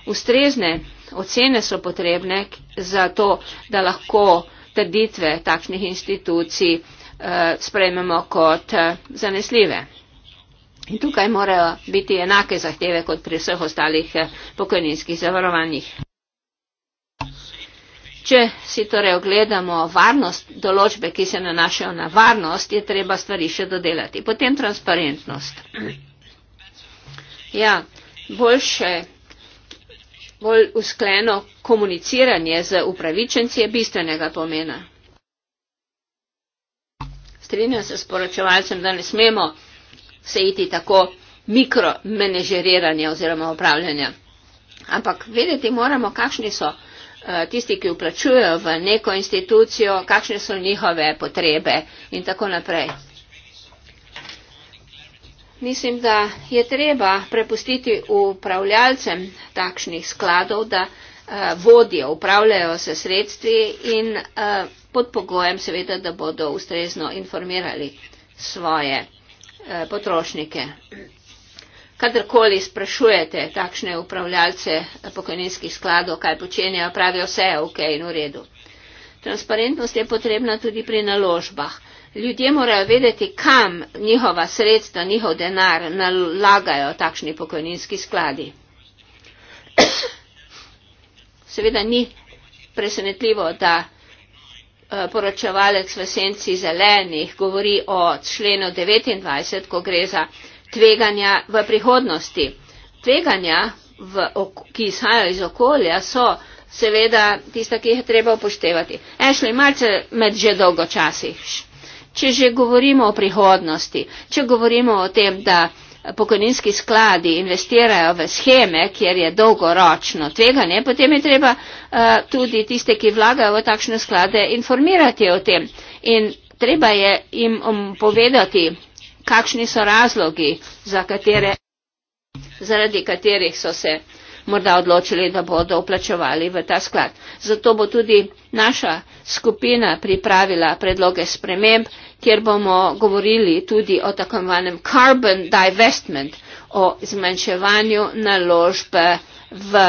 ustrezne ocene so potrebne za to, da lahko trditve takšnih institucij eh, sprejmemo kot eh, zanesljive. In tukaj morajo biti enake zahteve kot pri vseh ostalih eh, pokojninskih zavarovanjih. Če si torej ogledamo varnost, določbe, ki se nanašajo na varnost, je treba stvari še dodelati. Potem transparentnost. Ja, boljše bolj uskleno komuniciranje z upravičenci je bistvenega pomena. Strinjam se s poročevalcem, da ne smemo se iti tako mikromenežeriranja oziroma upravljanja. Ampak vedeti moramo, kakšni so eh, tisti, ki vplačujejo v neko institucijo, kakšne so njihove potrebe in tako naprej. Mislim, da je treba prepustiti upravljalcem takšnih skladov, da uh, vodijo, upravljajo se sredstvi in uh, pod pogojem seveda, da bodo ustrezno informirali svoje uh, potrošnike. Kadarkoli sprašujete takšne upravljalce pokojninskih skladov, kaj počenjajo, pravijo vse je ok in v redu. Transparentnost je potrebna tudi pri naložbah ljudje morajo vedeti, kam njihova sredstva, njihov denar nalagajo takšni pokojninski skladi. *coughs* Seveda ni presenetljivo, da eh, poročevalec v senci zelenih govori o členu 29, ko gre za tveganja v prihodnosti. Tveganja, v, ki izhajajo iz okolja, so seveda tista, ki jih je treba upoštevati. Ešli, malce med že dolgo časih če že govorimo o prihodnosti, če govorimo o tem, da pokojninski skladi investirajo v scheme, kjer je dolgoročno tveganje, potem je treba uh, tudi tiste, ki vlagajo v takšne sklade, informirati o tem. In treba je jim um, povedati, kakšni so razlogi, katere, zaradi katerih so se uh, morda odločili, da bodo uplačevali v ta sklad. Zato bo tudi naša skupina pripravila predloge sprememb, kjer bomo govorili tudi o tako imenem carbon divestment, o zmanjševanju naložbe v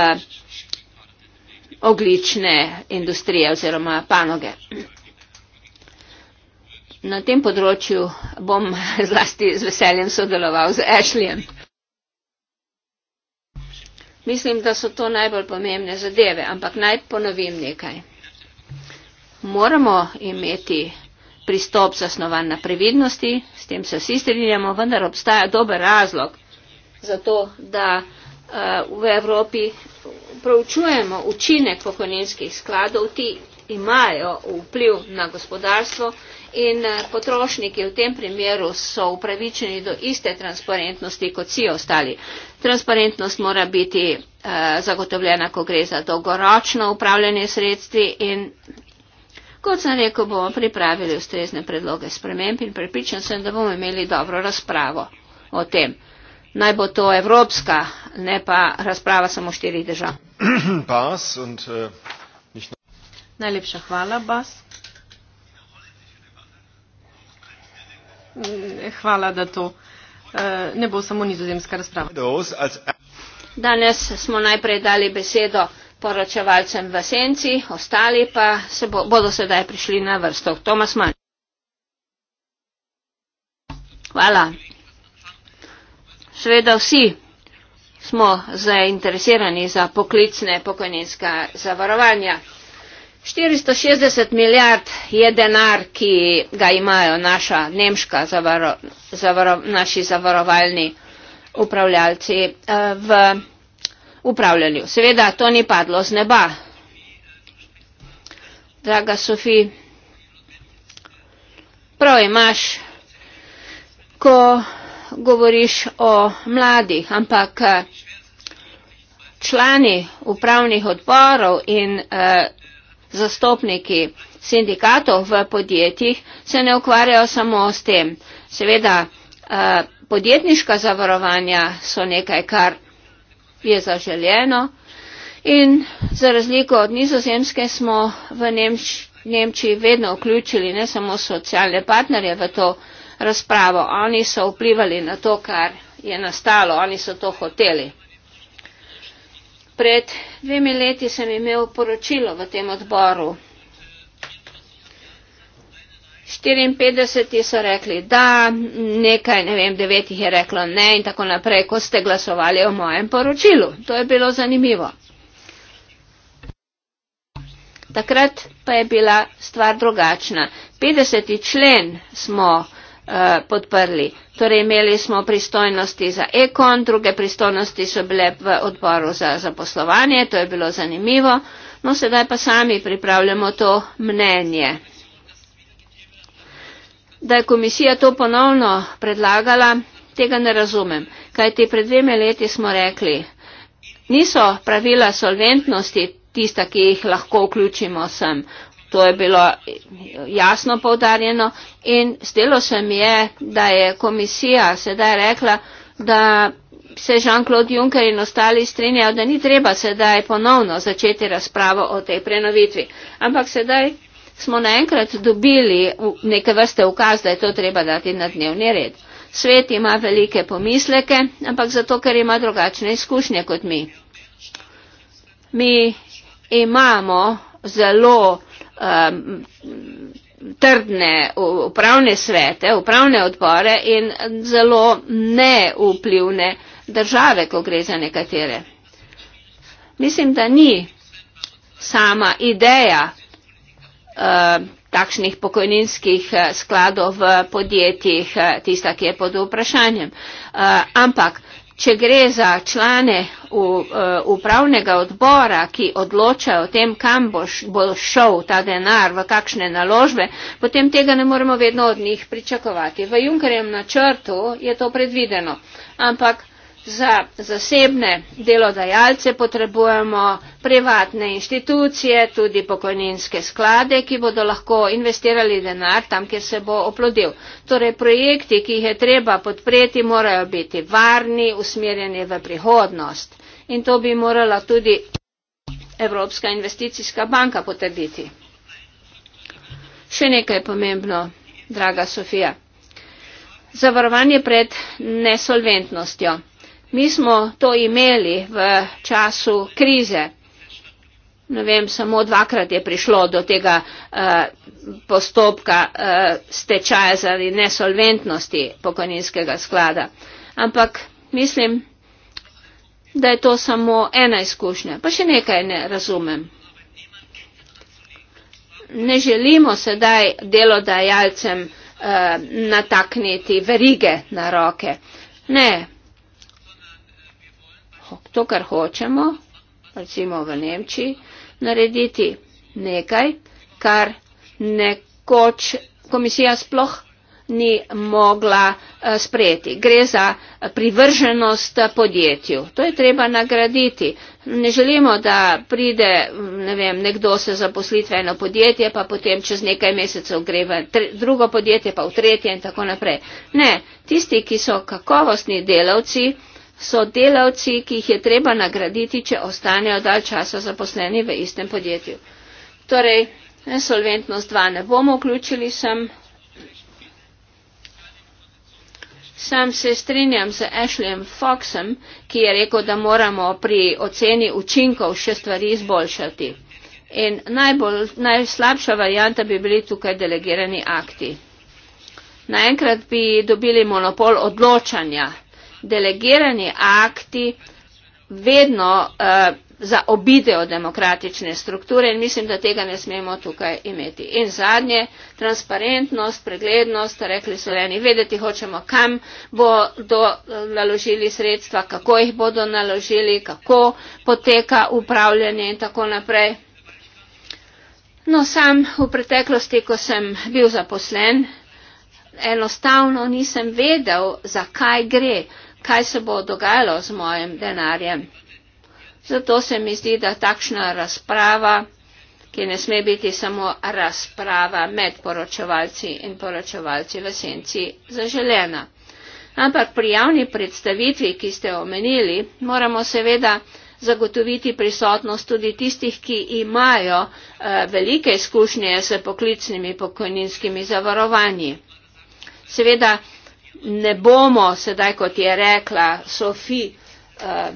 oglične industrije oziroma panoge. Na tem področju bom *laughs* zlasti z veseljem sodeloval z Ashleyem. Mislim, da so to najbolj pomembne zadeve, ampak naj ponovim nekaj. Moramo imeti pristop zasnovan na previdnosti, s tem se vsi strinjamo, vendar obstaja dober razlog za to, da uh, v Evropi proučujemo učinek pokojninskih skladov, ti imajo vpliv na gospodarstvo in uh, potrošniki v tem primeru so upravičeni do iste transparentnosti kot vsi ostali. Transparentnost mora biti eh, zagotovljena, ko gre za dolgoročno upravljanje sredstvi in kot sem rekel, bomo pripravili ustrezne predloge sprememb in pripričan sem, da bomo imeli dobro razpravo o tem. Naj bo to evropska, ne pa razprava samo štirih držav. *clears throat* Eh, Najlepša hvala, Bas. Mm, hvala, da to. Eh, ne bo samo nizozemska razprava. Danes smo najprej dali besedo poročevalcem v senci, ostali pa se bo, bodo sedaj prišli na vrsto. Tomas Manj. Hvala. Seveda vsi smo zainteresirani za poklicne pokojninska zavarovanja. 460 milijard je denar, ki ga imajo naša nemška zavaro, zavaro, naši zavarovalni upravljalci eh, v upravljanju. Seveda, to ni padlo z neba. Draga Sofi, prav imaš, ko govoriš o mladih, ampak eh, člani upravnih odborov in eh, zastopniki sindikatov v podjetjih se ne ukvarjajo samo s tem. Seveda, eh, podjetniška zavarovanja so nekaj, kar je zaželjeno in za razliko od nizozemske smo v Nemč Nemčiji vedno vključili ne samo socialne partnerje v to razpravo, oni so vplivali na to, kar je nastalo, oni so to hoteli pred dvemi leti sem imel poročilo v tem odboru. 54 so rekli da, nekaj, ne vem, devet jih je reklo ne in tako naprej, ko ste glasovali o mojem poročilu. To je bilo zanimivo. Takrat pa je bila stvar drugačna. 50. člen smo Eh, podprli. Torej imeli smo pristojnosti za ekon, druge pristojnosti so bile v odboru za zaposlovanje, to je bilo zanimivo, no sedaj pa sami pripravljamo to mnenje. Da je komisija to ponovno predlagala, tega ne razumem, kajti pred dveme leti smo rekli, niso pravila solventnosti tista, ki jih lahko vključimo sem. To je bilo jasno povdarjeno in stelo se mi je, da je komisija sedaj rekla, da se Jean-Claude Juncker in ostali strinjajo, da ni treba sedaj ponovno začeti razpravo o tej prenovitvi. Ampak sedaj smo naenkrat dobili neke vrste ukaz, da je to treba dati na dnevni red. Svet ima velike pomisleke, ampak zato, ker ima drugačne izkušnje kot mi. Mi imamo zelo Um, trdne upravne svete, upravne odbore in zelo neuplivne države, ko gre za nekatere. Mislim, da ni sama ideja uh, takšnih pokojninskih uh, skladov v podjetjih uh, tista, ki je pod vprašanjem. Uh, ampak če gre za člane v, uh, eh, upravnega odbora, ki odločajo o tem, kam bo, š, bo šel ta denar, v kakšne naložbe, potem tega ne moremo vedno od njih pričakovati. V Junkerjem načrtu je to predvideno, ampak Za zasebne delodajalce potrebujemo privatne inštitucije, tudi pokojninske sklade, ki bodo lahko investirali denar tam, kjer se bo oplodil. Torej, projekti, ki jih je treba podpreti, morajo biti varni, usmerjeni v prihodnost. In to bi morala tudi Evropska investicijska banka potrditi. Še nekaj pomembno, draga Sofija. Zavarovanje pred nesolventnostjo. Mi smo to imeli v času krize. Ne vem, samo dvakrat je prišlo do tega eh, postopka eh, stečaja zaradi nesolventnosti pokojninskega sklada. Ampak mislim, da je to samo ena izkušnja. Pa še nekaj ne razumem. Ne želimo sedaj delodajalcem eh, natakniti verige na roke. Ne, to, kar hočemo, recimo v Nemčiji, narediti nekaj, kar nekoč komisija sploh ni mogla eh, sprejeti. Gre za privrženost podjetju. To je treba nagraditi. Ne želimo, da pride ne vem, nekdo se zaposliti v eno podjetje, pa potem čez nekaj mesecev gre v drugo podjetje, pa v tretje in tako naprej. Ne, tisti, ki so kakovostni delavci, so delavci, ki jih je treba nagraditi, če ostanejo dalj časa zaposleni v istem podjetju. Torej, solventnost 2 ne bomo vključili sem. Sam se strinjam z Ashleyem Foxem, ki je rekel, da moramo pri oceni učinkov še stvari izboljšati. In najbolj, najslabša varijanta bi bili tukaj delegirani akti. Naenkrat bi dobili monopol odločanja delegirani akti vedno eh, zaobidejo demokratične strukture in mislim, da tega ne smemo tukaj imeti. In zadnje, transparentnost, preglednost, rekli so eni, vedeti hočemo, kam bodo eh, naložili sredstva, kako jih bodo naložili, kako poteka upravljanje in tako naprej. No, sam v preteklosti, ko sem bil zaposlen, enostavno nisem vedel, zakaj gre kaj se bo dogajalo z mojim denarjem. Zato se mi zdi, da takšna razprava, ki ne sme biti samo razprava med poročevalci in poročevalci v senci, zaželena. Ampak pri javni predstavitvi, ki ste omenili, moramo seveda zagotoviti prisotnost tudi tistih, ki imajo eh, velike izkušnje s poklicnimi pokojninskimi zavarovanji. Seveda ne bomo sedaj, kot je rekla Sofi, eh,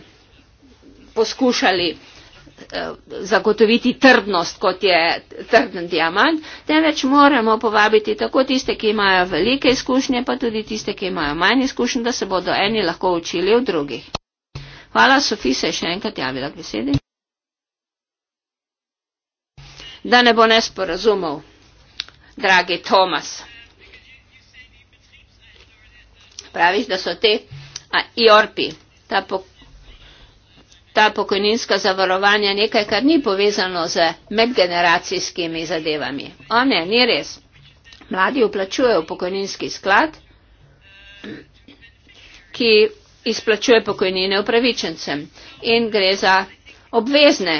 poskušali eh, zagotoviti trdnost, kot je trden diamant, temveč moramo povabiti tako tiste, ki imajo velike izkušnje, pa tudi tiste, ki imajo manj izkušnje, da se bodo eni lahko učili od drugih. Hvala, Sofi se je še enkrat javila k besedi. Da ne bo nesporazumov, dragi Tomas praviš, da so te IORPI, ta, po, ta pokojninska zavarovanja, nekaj, kar ni povezano z medgeneracijskimi zadevami. O ne, ni res. Mladi uplačujejo pokojninski sklad, ki izplačuje pokojnine upravičencem in gre za obvezne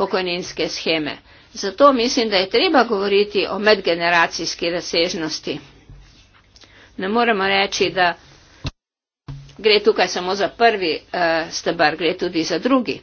pokojninske scheme. Zato mislim, da je treba govoriti o medgeneracijski razsežnosti. Ne moremo reči, da gre tukaj samo za prvi uh, eh, stebr, gre tudi za drugi.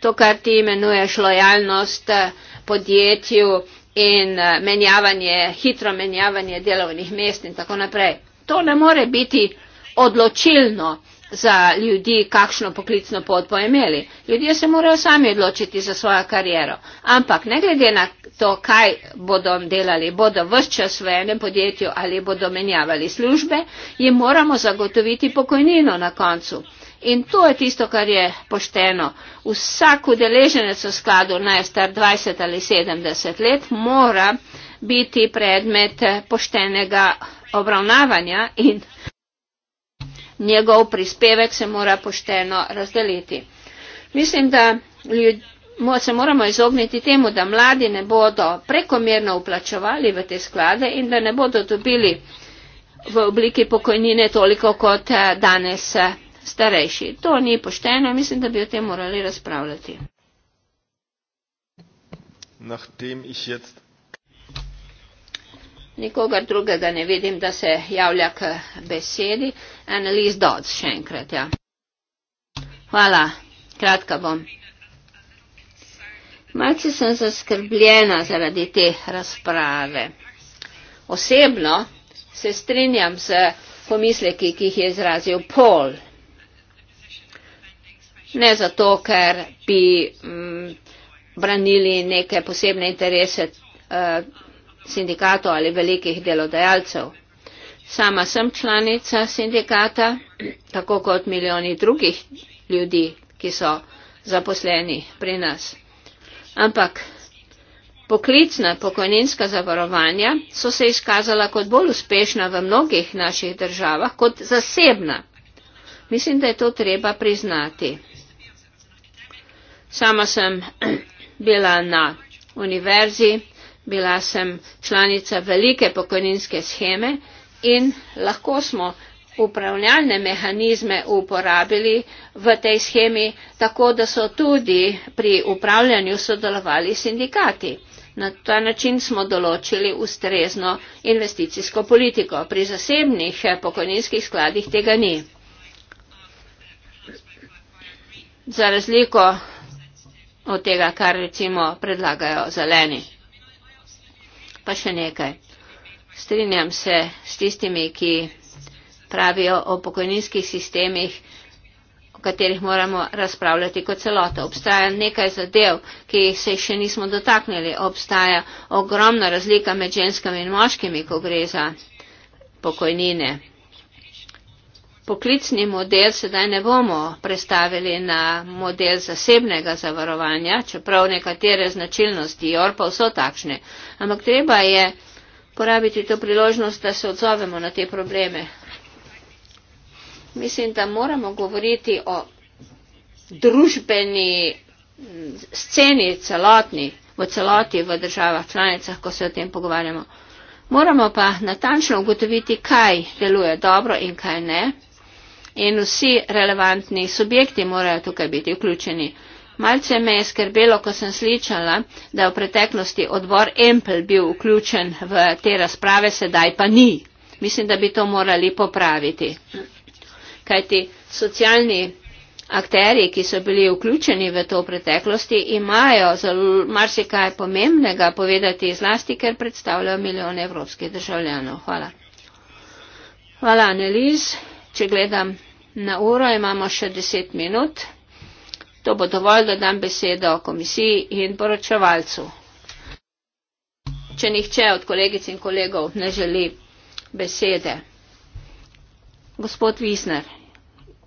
To, kar ti imenuješ lojalnost eh, podjetju in eh, menjavanje, hitro menjavanje delovnih mest in tako naprej. To ne more biti odločilno za ljudi, kakšno poklicno pot bo imeli. Ljudje se morajo sami odločiti za svojo kariero. Ampak ne glede na to, kaj bodo delali, bodo vse čas v enem podjetju ali bodo menjavali službe, jim moramo zagotoviti pokojnino na koncu. In to je tisto, kar je pošteno. Vsak udeleženec v skladu najstar 20 ali 70 let mora biti predmet poštenega obravnavanja in njegov prispevek se mora pošteno razdeliti. Mislim, da se moramo izogniti temu, da mladi ne bodo prekomerno uplačevali v te sklade in da ne bodo dobili v obliki pokojnine toliko kot eh, danes eh, starejši. To ni pošteno, mislim, da bi o tem morali razpravljati. Nachdem ich jetzt Nikogar drugega ne vidim, da se javlja k besedi. Annelies Dodds še enkrat. Ja. Hvala, kratka bom. Malce sem zaskrbljena zaradi te razprave. Osebno se strinjam z pomisleki, ki jih je izrazil Pol. Ne zato, ker bi m, mm, branili neke posebne interese. Uh, sindikatov ali velikih delodajalcev. Sama sem članica sindikata, tako kot milijoni drugih ljudi, ki so zaposleni pri nas. Ampak poklicna pokojninska zavarovanja so se izkazala kot bolj uspešna v mnogih naših državah kot zasebna. Mislim, da je to treba priznati. Sama sem *clears throat* bila na univerzi bila sem članica velike pokojninske scheme in lahko smo upravljalne mehanizme uporabili v tej schemi, tako da so tudi pri upravljanju sodelovali sindikati. Na ta način smo določili ustrezno investicijsko politiko. Pri zasebnih pokojninskih skladih tega ni. Za razliko od tega, kar recimo predlagajo zeleni. Pa še nekaj. Strinjam se s tistimi, ki pravijo o pokojninskih sistemih, o katerih moramo razpravljati kot celota. Obstaja nekaj zadev, ki se še nismo dotaknili. Obstaja ogromna razlika med ženskami in moškimi, ko gre za pokojnine poklicni model sedaj ne bomo predstavili na model zasebnega zavarovanja, čeprav nekatere značilnosti Jorpov so takšne. Ampak treba je porabiti to priložnost, da se odzovemo na te probleme. Mislim, da moramo govoriti o družbeni mm, sceni celotni, v celoti v državah članicah, ko se o tem pogovarjamo. Moramo pa natančno ugotoviti, kaj deluje dobro in kaj ne in vsi relevantni subjekti morajo tukaj biti vključeni. Malce me je skrbelo, ko sem slišala, da je v preteklosti odbor Empel bil vključen v te razprave, sedaj pa ni. Mislim, da bi to morali popraviti. Kajti socialni akteri, ki so bili vključeni v to preteklosti, imajo zelo marsikaj pomembnega povedati zlasti, ker predstavljajo milijone evropskih državljanov. Hvala. Hvala, Annelies. Če gledam na uro, imamo še deset minut. To bo dovolj, da dam besedo komisiji in poročevalcu. Če nihče od kolegic in kolegov ne želi besede. Gospod Wisner,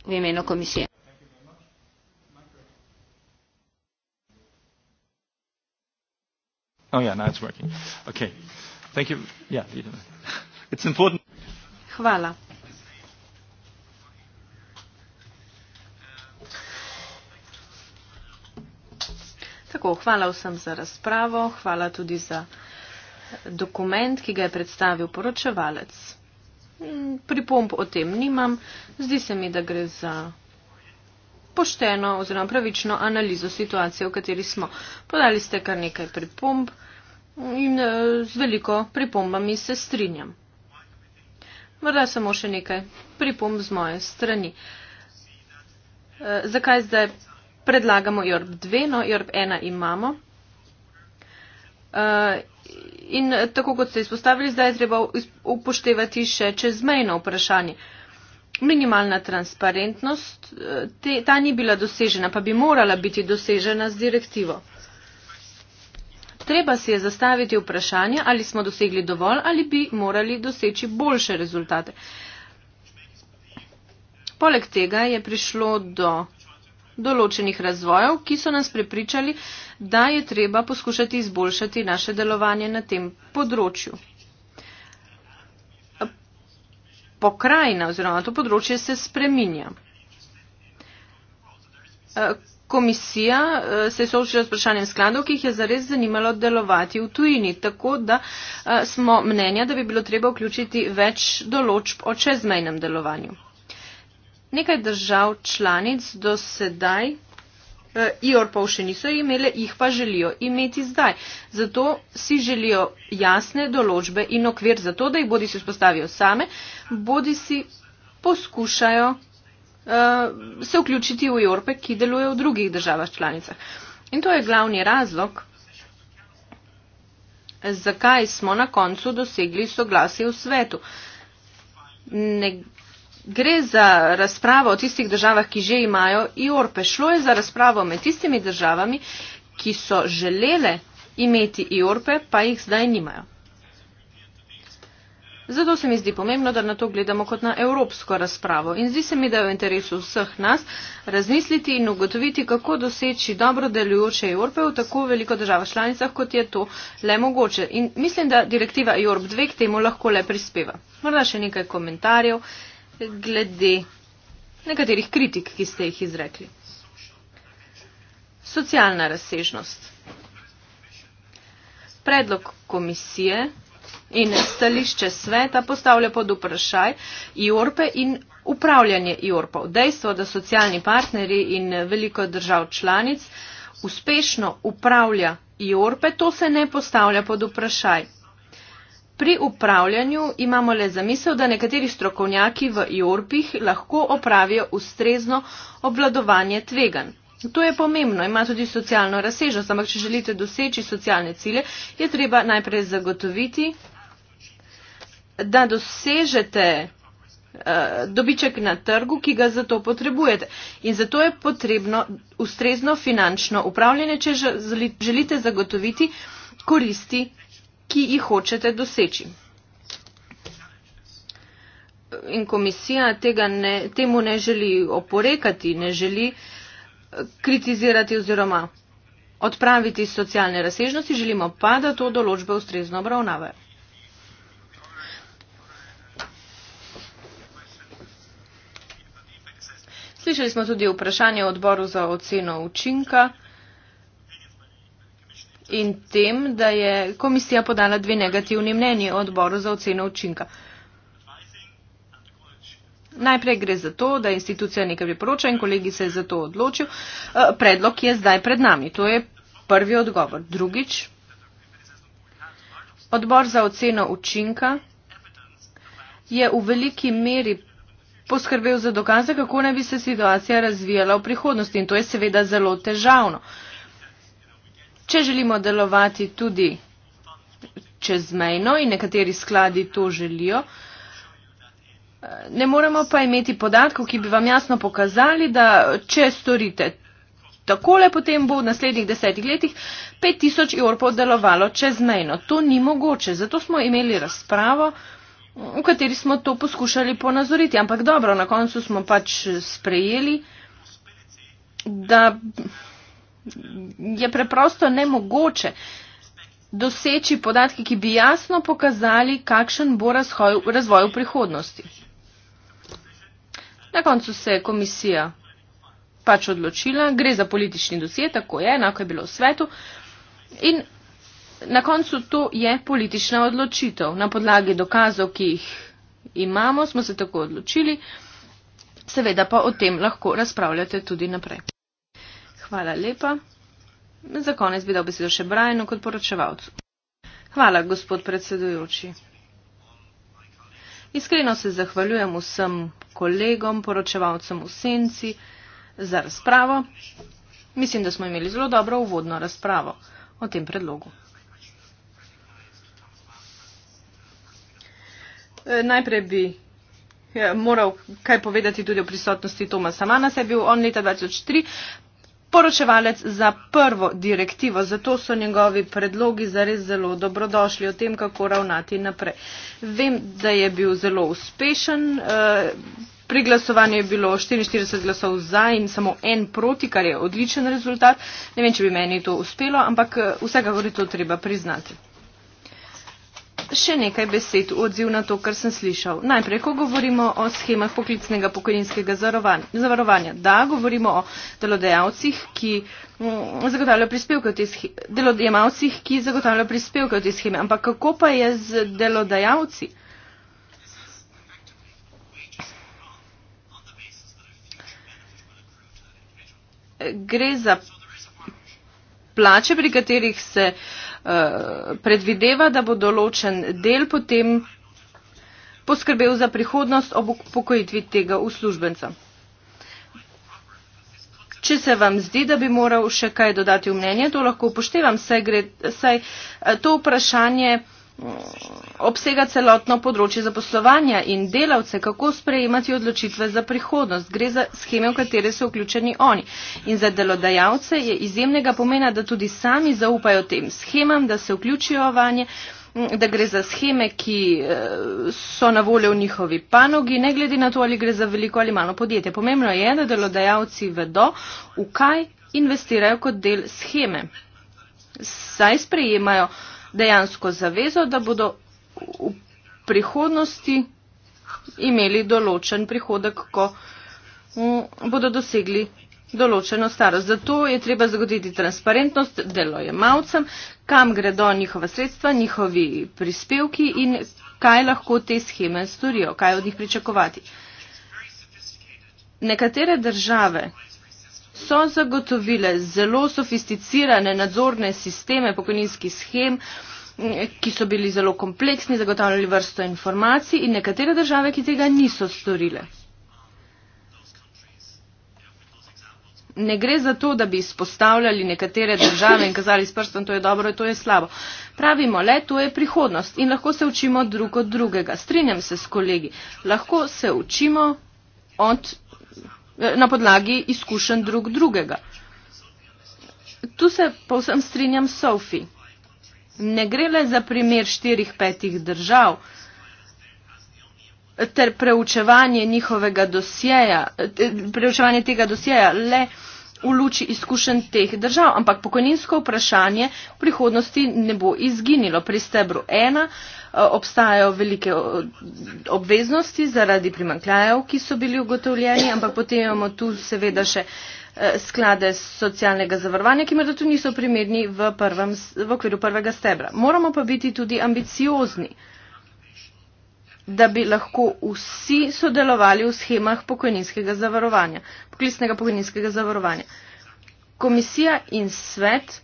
v imenu komisije. Oh, yeah, okay. yeah, Hvala. Tako, hvala vsem za razpravo, hvala tudi za dokument, ki ga je predstavil poročevalec. Mm, pripomp o tem nimam, zdi se mi, da gre za pošteno oziroma pravično analizo situacije, v kateri smo. Podali ste kar nekaj pripomp in eh, z veliko pripombami se strinjam. Morda samo še nekaj pripomp z moje strani. E, zakaj zdaj predlagamo JORB 2, no JORB 1 imamo. Eh, in tako kot ste izpostavili, zdaj je treba upoštevati še čezmejno vprašanje. Minimalna transparentnost, eh, te, ta ni bila dosežena, pa bi morala biti dosežena z direktivo. Treba si je zastaviti vprašanje, ali smo dosegli dovolj ali bi morali doseči boljše rezultate. Poleg tega je prišlo do določenih razvojev, ki so nas prepričali, da je treba poskušati izboljšati naše delovanje na tem področju. Pokrajina oziroma to področje se spreminja. Eh, komisija eh, se je soočila s vprašanjem skladov, ki jih je zares zanimalo delovati v tujini, tako da eh, smo mnenja, da bi bilo treba vključiti več določb o čezmejnem delovanju nekaj držav članic do sedaj, eh, IORPov še niso imele, jih pa želijo imeti zdaj. Zato si želijo jasne določbe in okvir za to, da jih bodi si vzpostavijo same, bodi si poskušajo uh, se vključiti v IORPE, ki deluje v drugih državah članicah. In to je glavni razlog, zakaj smo na koncu dosegli soglasje v svetu. Ne, Gre za razpravo o tistih državah, ki že imajo IORPE. Šlo je za razpravo med tistimi državami, ki so želele imeti IORPE, pa jih zdaj nimajo. Zato se mi zdi pomembno, da na to gledamo kot na evropsko razpravo. In zdi se mi, da je v interesu vseh nas razmisliti in ugotoviti, kako doseči dobro delujoče Evrope v tako veliko državah članicah, kot je to le mogoče. In mislim, da direktiva Evrop 2 k temu lahko le prispeva. Morda še nekaj komentarjev glede nekaterih kritik, ki ste jih izrekli. Socialna razsežnost. Predlog komisije in stališče sveta postavlja pod vprašaj IORPE in upravljanje IORPOV. Dejstvo, da socialni partneri in veliko držav članic uspešno upravlja IORPE, to se ne postavlja pod vprašaj. Pri upravljanju imamo le zamisel, da nekateri strokovnjaki v Jorpih lahko opravijo ustrezno obvladovanje tvegan. To je pomembno, ima tudi socialno razsežnost, ampak če želite doseči socialne cilje, je treba najprej zagotoviti, da dosežete eh, dobiček na trgu, ki ga zato potrebujete. In zato je potrebno ustrezno finančno upravljanje, če želite zagotoviti koristi ki jih hočete doseči. In komisija tega ne, temu ne želi oporekati, ne želi eh, kritizirati oziroma odpraviti socialne razsežnosti, želimo pa, da to določbe ustrezno obravnave. Slišali smo tudi vprašanje odboru za oceno učinka in tem, da je komisija podala dve negativni mnenji odboru za oceno učinka. Najprej gre za to, da institucija nekaj priporoča in kolegi se je za to odločil. Eh, predlog je zdaj pred nami. To je prvi odgovor. Drugič, odbor za oceno učinka je v veliki meri poskrbel za dokaze, kako naj bi se situacija razvijala v prihodnosti. In to je seveda zelo težavno. Če želimo delovati tudi čezmejno in nekateri skladi to želijo, ne moremo pa imeti podatkov, ki bi vam jasno pokazali, da če storite takole, potem bo v naslednjih desetih letih 5000 evropov delovalo čezmejno. To ni mogoče, zato smo imeli razpravo v kateri smo to poskušali ponazoriti. Ampak dobro, na koncu smo pač sprejeli, da je preprosto nemogoče doseči podatke, ki bi jasno pokazali, kakšen bo razhoj, razvoj v prihodnosti. Na koncu se je komisija pač odločila, gre za politični dosje, tako je, enako je bilo v svetu. In na koncu to je politična odločitev. Na podlagi dokazov, ki jih imamo, smo se tako odločili. Seveda pa o tem lahko razpravljate tudi naprej. Hvala lepa. Za konec bi dal besedo še Brajnu kot poročevalcu. Hvala, gospod predsedujoči. Iskreno se zahvaljujem vsem kolegom, poročevalcem v senci za razpravo. Mislim, da smo imeli zelo dobro uvodno razpravo o tem predlogu. E, najprej bi ja, moral kaj povedati tudi o prisotnosti Toma Samana, saj je bil on leta 2003 poročevalec za prvo direktivo. Zato so njegovi predlogi zares zelo dobrodošli o tem, kako ravnati naprej. Vem, da je bil zelo uspešen. Eh, pri glasovanju je bilo 44 glasov za in samo en proti, kar je odličen rezultat. Ne vem, če bi meni to uspelo, ampak eh, vsega govori to treba priznati še nekaj besed v odziv na to, kar sem slišal. Najprej, ko govorimo o schemah poklicnega pokojninskega zavarovanja, da govorimo o delodajalcih, ki mm, zagotavljajo prispevke v te scheme, delodajalcih, ki zagotavljajo prispevke v te scheme, ampak kako pa je z delodajalci? Gre za plače, pri katerih se uh, Eh, predvideva, da bo določen del potem poskrbel za prihodnost ob pokojitvi tega uslužbenca. Če se vam zdi, da bi moral še kaj dodati v mnenje, to lahko upoštevam, saj, gre, saj eh, to vprašanje obsega celotno področje zaposlovanja in delavce, kako sprejemati odločitve za prihodnost. Gre za scheme, v katere so vključeni oni. In za delodajalce je izjemnega pomena, da tudi sami zaupajo tem schemam, da se vključijo vanje, da gre za scheme, ki eh, so na voljo v njihovi panogi, ne glede na to, ali gre za veliko ali malo podjetje. Pomembno je, da delodajalci vedo, v kaj investirajo kot del scheme. Saj sprejemajo dejansko zavezo, da bodo v prihodnosti imeli določen prihodek, ko mm, bodo dosegli določeno starost. Zato je treba zagotoviti transparentnost delojemalcem, kam gredo njihova sredstva, njihovi prispevki in kaj lahko te scheme storijo, kaj od njih pričakovati. Nekatere države so zagotovile zelo sofisticirane nadzorne sisteme pokojninskih schem, ki so bili zelo kompleksni, zagotavljali vrsto informacij in nekatere države, ki tega niso storile. Ne gre za to, da bi izpostavljali nekatere države in kazali s prstom, to je dobro in to je slabo. Pravimo le, to je prihodnost in lahko se učimo drug od drugega. Strinjam se s kolegi, lahko se učimo od Eh, na podlagi izkušenj drug drugega. Tu se povsem strinjam s Sofi. Ne gre le za primer štirih petih držav ter preučevanje njihovega dosjeja, eh, preučevanje tega dosjeja, le v luči izkušenj teh držav, ampak pokojninsko vprašanje v prihodnosti ne bo izginilo. Pri stebru ena eh, obstajajo velike eh, obveznosti zaradi primankljajev, ki so bili ugotovljeni, ampak potem imamo tu seveda še eh, sklade socialnega zavarovanja, ki morda tu niso primerni v, prvem, v okviru prvega stebra. Moramo pa biti tudi ambiciozni da bi lahko vsi sodelovali v schemah pokojninskega zavarovanja, poklicnega pokojninskega zavarovanja. Komisija in svet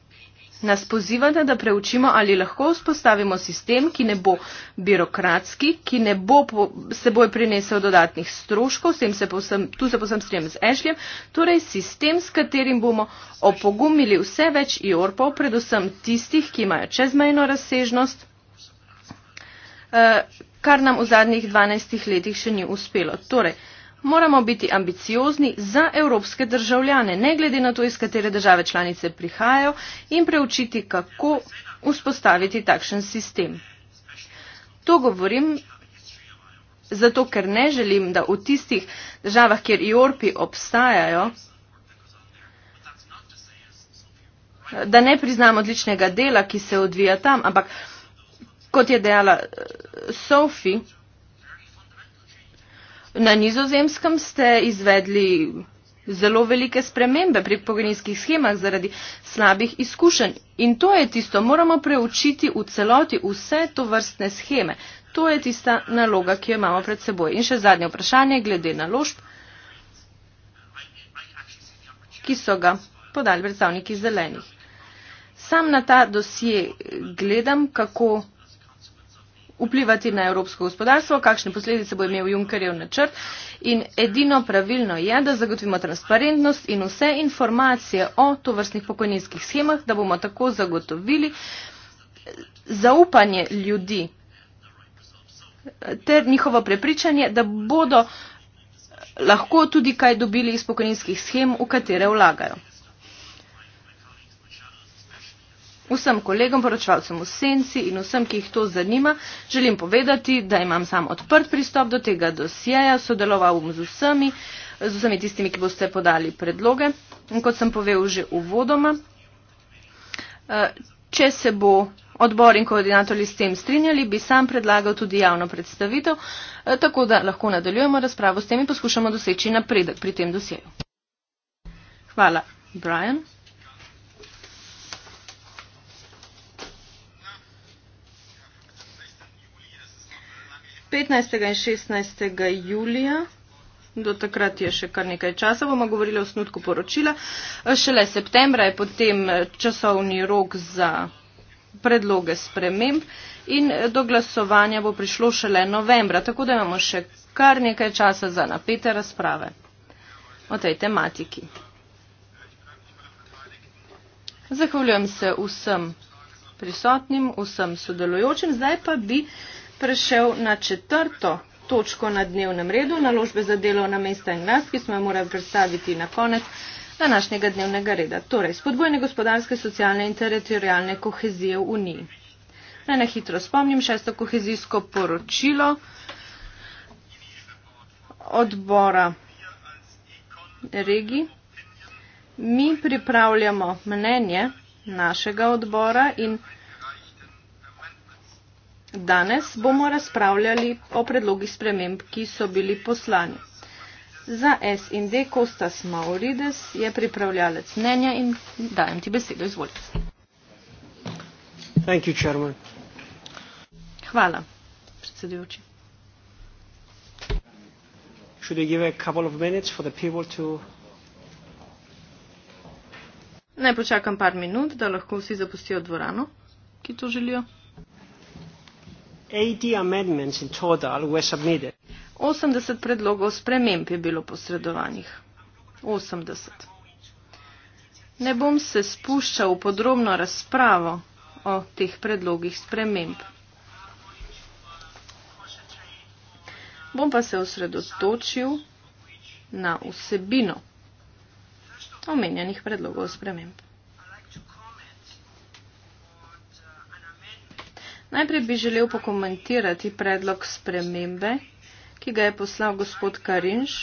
nas pozivata, da preučimo, ali lahko vzpostavimo sistem, ki ne bo birokratski, ki ne bo po, seboj prinesel dodatnih stroškov, se posem, tu se posem strijem z Ešljem, torej sistem, s katerim bomo opogumili vse več jorpov, predvsem tistih, ki imajo čezmejno razsežnost, eh, kar nam v zadnjih 12 letih še ni uspelo. Torej, moramo biti ambiciozni za evropske državljane, ne glede na to, iz katere države članice prihajajo in preučiti, kako vzpostaviti takšen sistem. To govorim zato, ker ne želim, da v tistih državah, kjer IORPI obstajajo, da ne priznam odličnega dela, ki se odvija tam, ampak Kot je dejala eh, Sophie, na nizozemskem ste izvedli zelo velike spremembe pri pogajninskih schemah zaradi slabih izkušenj. In to je tisto, moramo preučiti v celoti vse to vrstne scheme. To je tista naloga, ki jo imamo pred seboj. In še zadnje vprašanje glede naložb, ki so ga podali predstavniki zelenih. Sam na ta dosje gledam, kako vplivati na evropsko gospodarstvo, kakšne posledice bo imel Junkerjev načrt. In edino pravilno je, da zagotovimo transparentnost in vse informacije o tovrstnih pokojninskih schemah, da bomo tako zagotovili zaupanje ljudi ter njihovo prepričanje, da bodo lahko tudi kaj dobili iz pokojninskih schem, v katere vlagajo. Vsem kolegom, poročevalcem v senci in vsem, ki jih to zanima, želim povedati, da imam sam odprt pristop do tega dosjeja, sodeloval bom z vsemi, z vsemi tistimi, ki boste podali predloge. In kot sem povedal že uvodoma, eh, če se bo odbor in koordinatorji s tem strinjali, bi sam predlagal tudi javno predstavitev, eh, tako da lahko nadaljujemo razpravo s tem in poskušamo doseči napredek pri tem dosjeju. Hvala, Brian. 15. in 16. julija. Do takrat je še kar nekaj časa, bomo govorili o snutku poročila. Eh, šele septembra je potem eh, časovni rok za predloge sprememb in eh, do glasovanja bo prišlo šele novembra, tako da imamo še kar nekaj časa za napete razprave o tej tematiki. Zahvaljujem se vsem prisotnim, vsem sodelujočim. Zdaj pa bi prešel na četrto točko na dnevnem redu, naložbe za delovna mesta in rast, ki smo jo morali predstaviti na konec današnjega dnevnega reda. Torej, spodbojne gospodarske, socialne in teritorijalne kohezije v Uniji. Naj na hitro spomnim šesto kohezijsko poročilo odbora regi. Mi pripravljamo mnenje našega odbora in Danes bomo razpravljali o predlogih sprememb, ki so bili poslani. Za S in D Kostas Maurides je pripravljalec mnenja in dajem ti besedo. Izvolite. Thank you, chairman. Hvala, predsedujoči. Should we give a couple of minutes for the people to Naj počakam par minut, da lahko vsi zapustijo dvorano, ki to želijo. 80 predlogov sprememb je bilo posredovanih. 80. Ne bom se spuščal v podrobno razpravo o teh predlogih sprememb. Bom pa se osredotočil na vsebino omenjenih predlogov sprememb. Najprej bi želel pokomentirati predlog spremembe, ki ga je poslal gospod Karinš,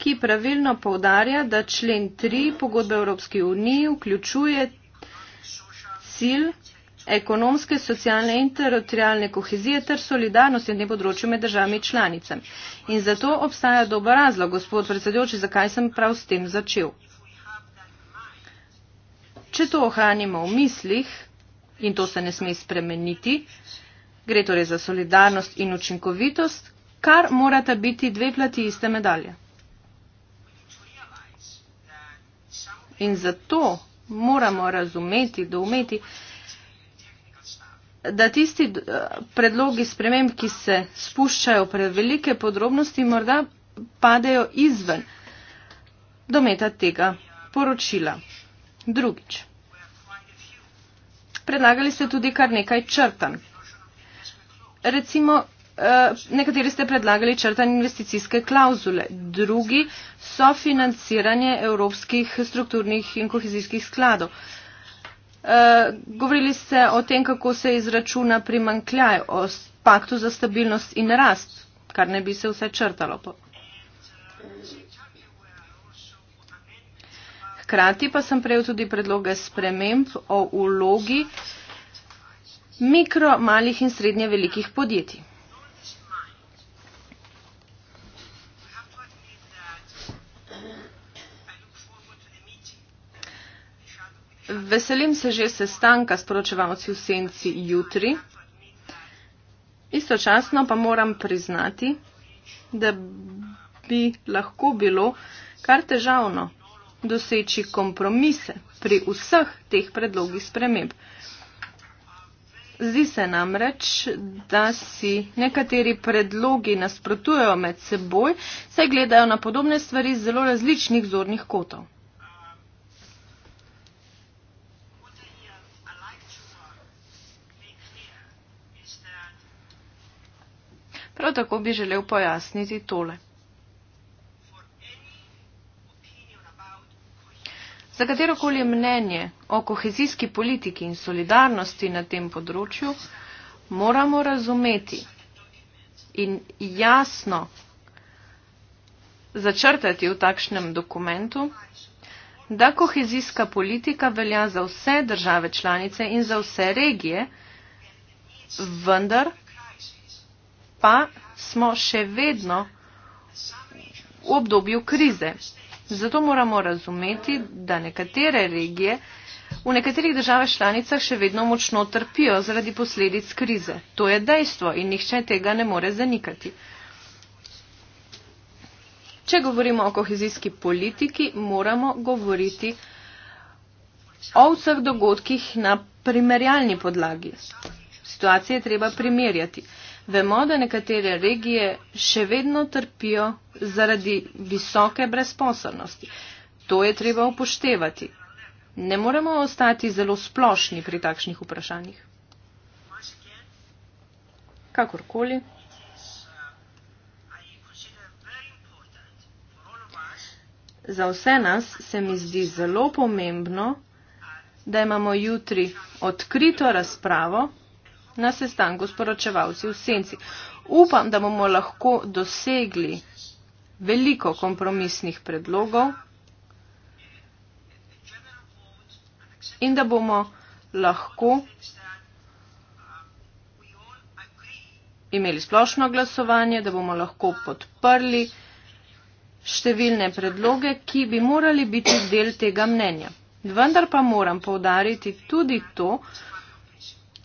ki pravilno povdarja, da člen 3 pogodbe Evropske unije vključuje cilj ekonomske, socialne in teritorijalne kohezije ter solidarnosti na področju med državami članicami. In zato obstaja dober razlog, gospod predsedujoči, zakaj sem prav s tem začel. Če to ohranimo v mislih, in to se ne sme spremeniti. Gre torej za solidarnost in učinkovitost, kar morata biti dve plati iste medalje. In zato moramo razumeti, doumeti, da tisti eh, predlogi sprememb, ki se spuščajo pred velike podrobnosti, morda padejo izven dometa tega poročila. Drugič predlagali ste tudi kar nekaj črtan. Recimo, eh, nekateri ste predlagali črtan investicijske klauzule, drugi so financiranje evropskih strukturnih in kohezijskih skladov. Eh, govorili ste o tem, kako se izračuna primankljaj, o paktu za stabilnost in rast, kar ne bi se vse črtalo. Hkrati pa sem prejel tudi predloge sprememb o ulogi mikro, malih in srednje velikih podjetij. Veselim se že sestanka s poročevalci v senci jutri. Istočasno pa moram priznati, da bi lahko bilo kar težavno doseči kompromise pri vseh teh predlogih sprememb. Zdi se namreč, da si nekateri predlogi nasprotujejo med seboj, saj gledajo na podobne stvari z zelo različnih zornih kotov. Prav tako bi želel pojasniti tole. Za katerokoli mnenje o kohezijski politiki in solidarnosti na tem področju moramo razumeti in jasno začrtati v takšnem dokumentu, da kohezijska politika velja za vse države članice in za vse regije, vendar pa smo še vedno v obdobju krize Zato moramo razumeti, da nekatere regije v nekaterih državah članicah še vedno močno trpijo zaradi posledic krize. To je dejstvo in nihče tega ne more zanikati. Če govorimo o kohezijski politiki, moramo govoriti o vseh dogodkih na primerjalni podlagi. Situacije treba primerjati. Vemo, da nekatere regije še vedno trpijo zaradi visoke brezposobnosti. To je treba upoštevati. Ne moremo ostati zelo splošni pri takšnih vprašanjih. Kakorkoli. Za vse nas se mi zdi zelo pomembno, da imamo jutri odkrito razpravo na sestanku s poročevalci v senci. Upam, da bomo lahko dosegli veliko kompromisnih predlogov in da bomo lahko imeli splošno glasovanje, da bomo lahko podprli številne predloge, ki bi morali biti del tega mnenja. Vendar pa moram povdariti tudi to,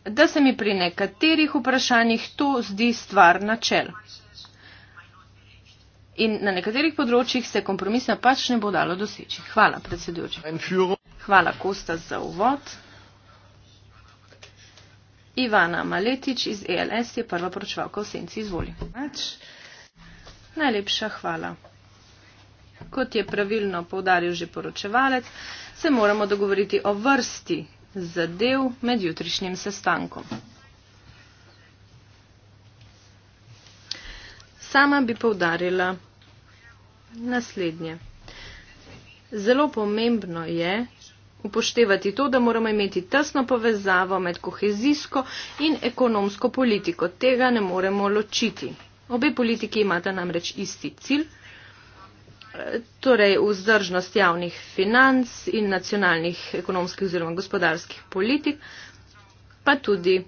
da se mi pri nekaterih vprašanjih to zdi stvar načel. In na nekaterih področjih se kompromisa pač ne bo dalo doseči. Hvala, predsedujoči. Hvala, Kosta, za uvod. Ivana Maletič iz ELS je prva poročevalka v senci. Izvoli. Najlepša hvala. Kot je pravilno povdaril že poročevalec, se moramo dogovoriti o vrsti zadev med jutrišnjim sestankom. Sama bi povdarila naslednje. Zelo pomembno je upoštevati to, da moramo imeti tesno povezavo med kohezijsko in ekonomsko politiko. Tega ne moremo ločiti. Obe politiki imata namreč isti cilj torej vzdržnost javnih financ in nacionalnih ekonomskih oziroma gospodarskih politik, pa tudi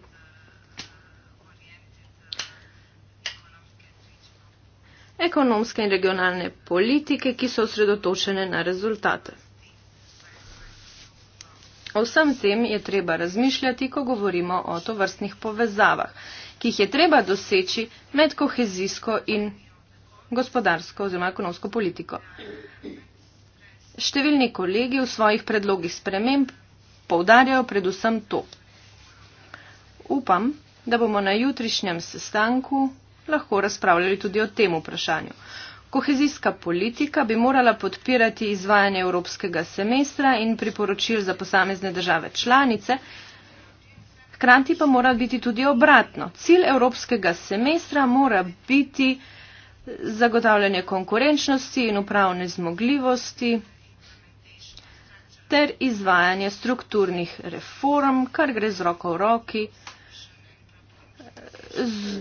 ekonomske in regionalne politike, ki so osredotočene na rezultate. O vsem tem je treba razmišljati, ko govorimo o tovrstnih povezavah, ki jih je treba doseči med kohezijsko in gospodarsko oziroma ekonomsko politiko. Številni kolegi v svojih predlogih sprememb poudarjajo predvsem to. Upam, da bomo na jutrišnjem sestanku lahko razpravljali tudi o tem vprašanju. Kohezijska politika bi morala podpirati izvajanje evropskega semestra in priporočil za posamezne države članice, hkrati pa mora biti tudi obratno. Cilj evropskega semestra mora biti zagotavljanje konkurenčnosti in upravne zmogljivosti ter izvajanje strukturnih reform, kar gre z roko v roki, z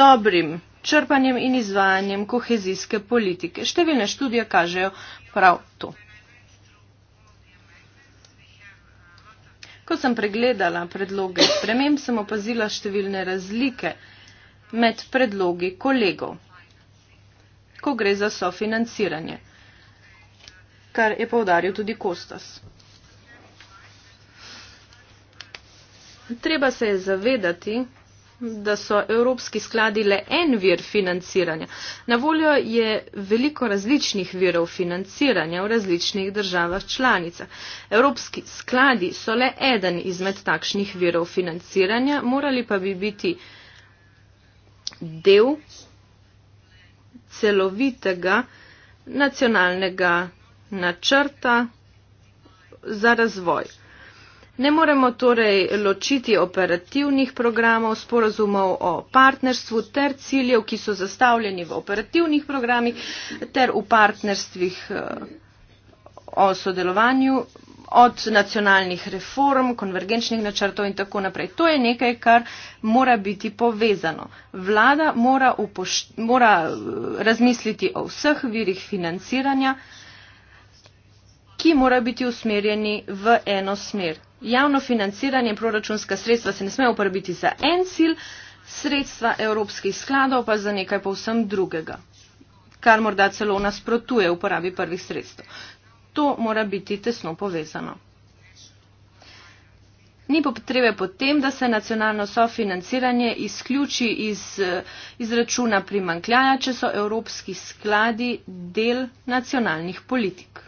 dobrim črpanjem in izvajanjem kohezijske politike. Številne študije kažejo prav to. Ko sem pregledala predloge sprememb, sem opazila številne razlike med predlogi kolegov, ko gre za sofinanciranje, kar je povdaril tudi Kostas. Treba se je zavedati, da so evropski skladi le en vir financiranja. Na voljo je veliko različnih virov financiranja v različnih državah članicah. Evropski skladi so le eden izmed takšnih virov financiranja, morali pa bi biti uh, del celovitega nacionalnega načrta za razvoj. Ne moremo torej ločiti operativnih programov, sporazumov o partnerstvu ter ciljev, ki so zastavljeni v operativnih programih ter v partnerstvih eh, o sodelovanju od nacionalnih reform, konvergenčnih načrtov in tako naprej. To je nekaj, kar mora biti povezano. Vlada mora, mora eh, razmisliti o vseh virih financiranja, ki mora biti usmerjeni v eno smer. Javno financiranje proračunska sredstva se ne sme uporabiti za en cilj, sredstva evropskih skladov pa za nekaj povsem drugega, kar morda celo nasprotuje uporabi prvih sredstev to mora biti tesno povezano. Ni potrebe potem, da se nacionalno sofinanciranje izključi iz eh, izračuna primankljaja, če so evropski skladi del nacionalnih politik.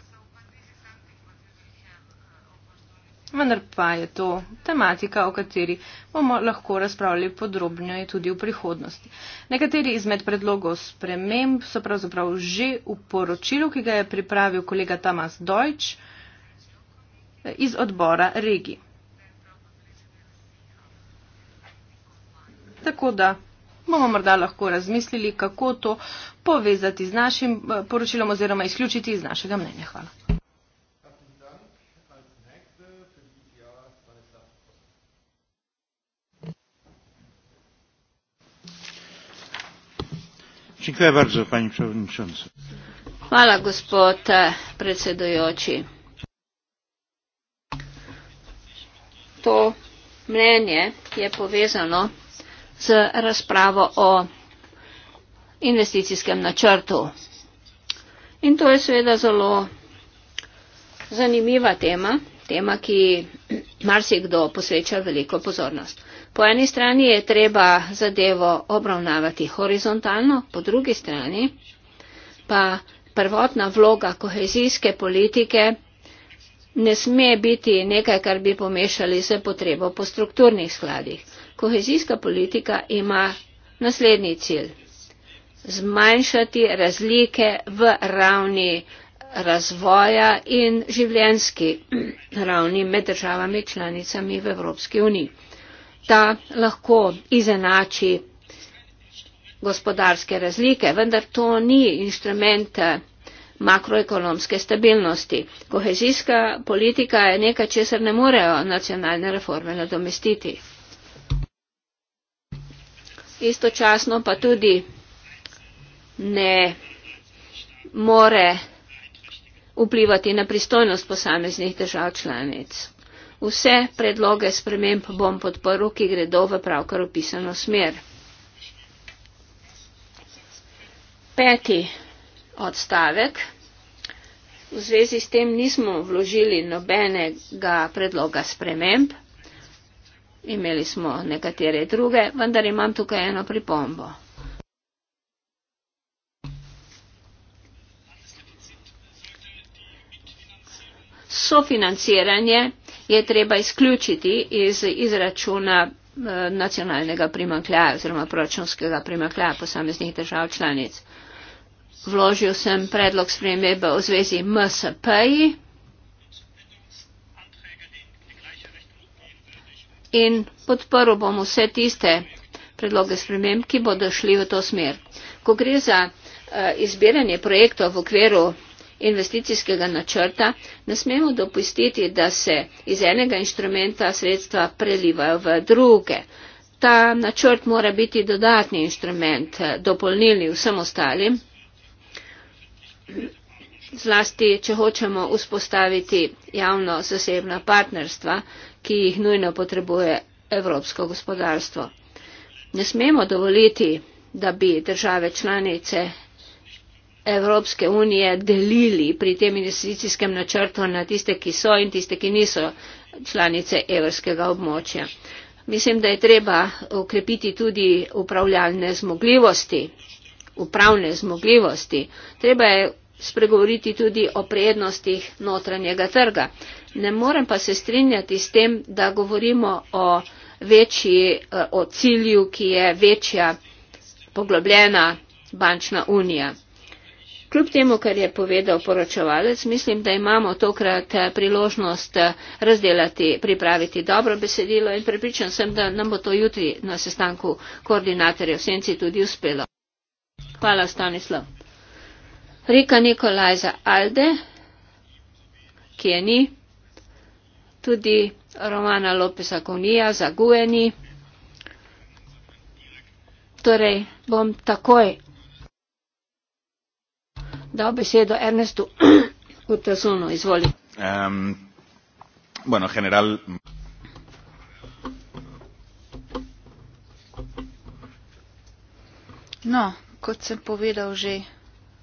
Vendar pa je to tematika, o kateri bomo lahko razpravljali podrobnjo tudi v prihodnosti. Nekateri izmed predlogov sprememb so pravzaprav že v poročilu, ki ga je pripravil kolega Tamas Deutsch iz odbora Regi. Tako da bomo morda lahko razmislili, kako to povezati z našim eh, poročilom oziroma izključiti iz našega mnenja. Hvala. hvala gospod eh, predsedujoči to mnenje je povezano z razpravo o investicijskem načrtu in to je seveda zelo zanimiva tema tema ki marsikdo posveča veliko pozornost Po eni strani je treba zadevo obravnavati horizontalno, po drugi strani pa prvotna vloga kohezijske politike ne sme biti nekaj, kar bi pomešali se potrebo po strukturnih skladih. Kohezijska politika ima naslednji cilj. Zmanjšati razlike v ravni razvoja in življenski *clears throat* ravni med državami članicami v Evropski uniji da lahko izenači gospodarske razlike, vendar to ni inštrument eh, makroekonomske stabilnosti. Kohezijska politika je nekaj, česar ne morejo nacionalne reforme nadomestiti. Istočasno pa tudi ne more vplivati na pristojnost posameznih držav članic. Vse predloge sprememb bom podporil, ki gredo v pravkar opisano smer. Peti odstavek. V zvezi s tem nismo vložili nobenega predloga sprememb. Imeli smo nekatere druge, vendar imam tukaj eno pripombo. Sofinanciranje je treba izključiti iz izračuna eh, nacionalnega primankljaja oziroma proračunskega primankljaja posameznih držav članic. Vložil sem predlog spremembe v zvezi MSP-ji in podporil bom vse tiste predloge sprememb, ki bodo šli v to smer. Ko gre za eh, izbiranje projektov v okviru investicijskega načrta, ne smemo dopustiti, da se iz enega inštrumenta sredstva prelivajo v druge. Ta načrt mora biti dodatni inštrument, eh, dopolnilni vsem ostalim, zlasti, če hočemo vzpostaviti javno-zasebna partnerstva, ki jih nujno potrebuje evropsko gospodarstvo. Ne smemo dovoliti, da bi države članice Evropske unije delili pri tem investicijskem načrtu na tiste, ki so in tiste, ki niso članice evrskega območja. Mislim, da je treba ukrepiti tudi upravljalne zmogljivosti, upravne zmogljivosti. Treba je spregovoriti tudi o prednostih notranjega trga. Ne morem pa se strinjati s tem, da govorimo o, večji, eh, o cilju, ki je večja poglobljena bančna unija. Kljub temu, kar je povedal poročevalec, mislim, da imamo tokrat eh, priložnost eh, razdelati, pripraviti dobro besedilo in prepričan sem, da nam bo to jutri na sestanku koordinatorjev senci tudi uspelo. Hvala, Stanislav. Rika Nikolajza Alde, ki je ni, tudi Romana Lopesa Konija, Zagujeni. Torej, bom takoj dao besedo Ernestu *clears throat* Urtasunu, izvoli. Um, bueno, general... No, kot sem povedal že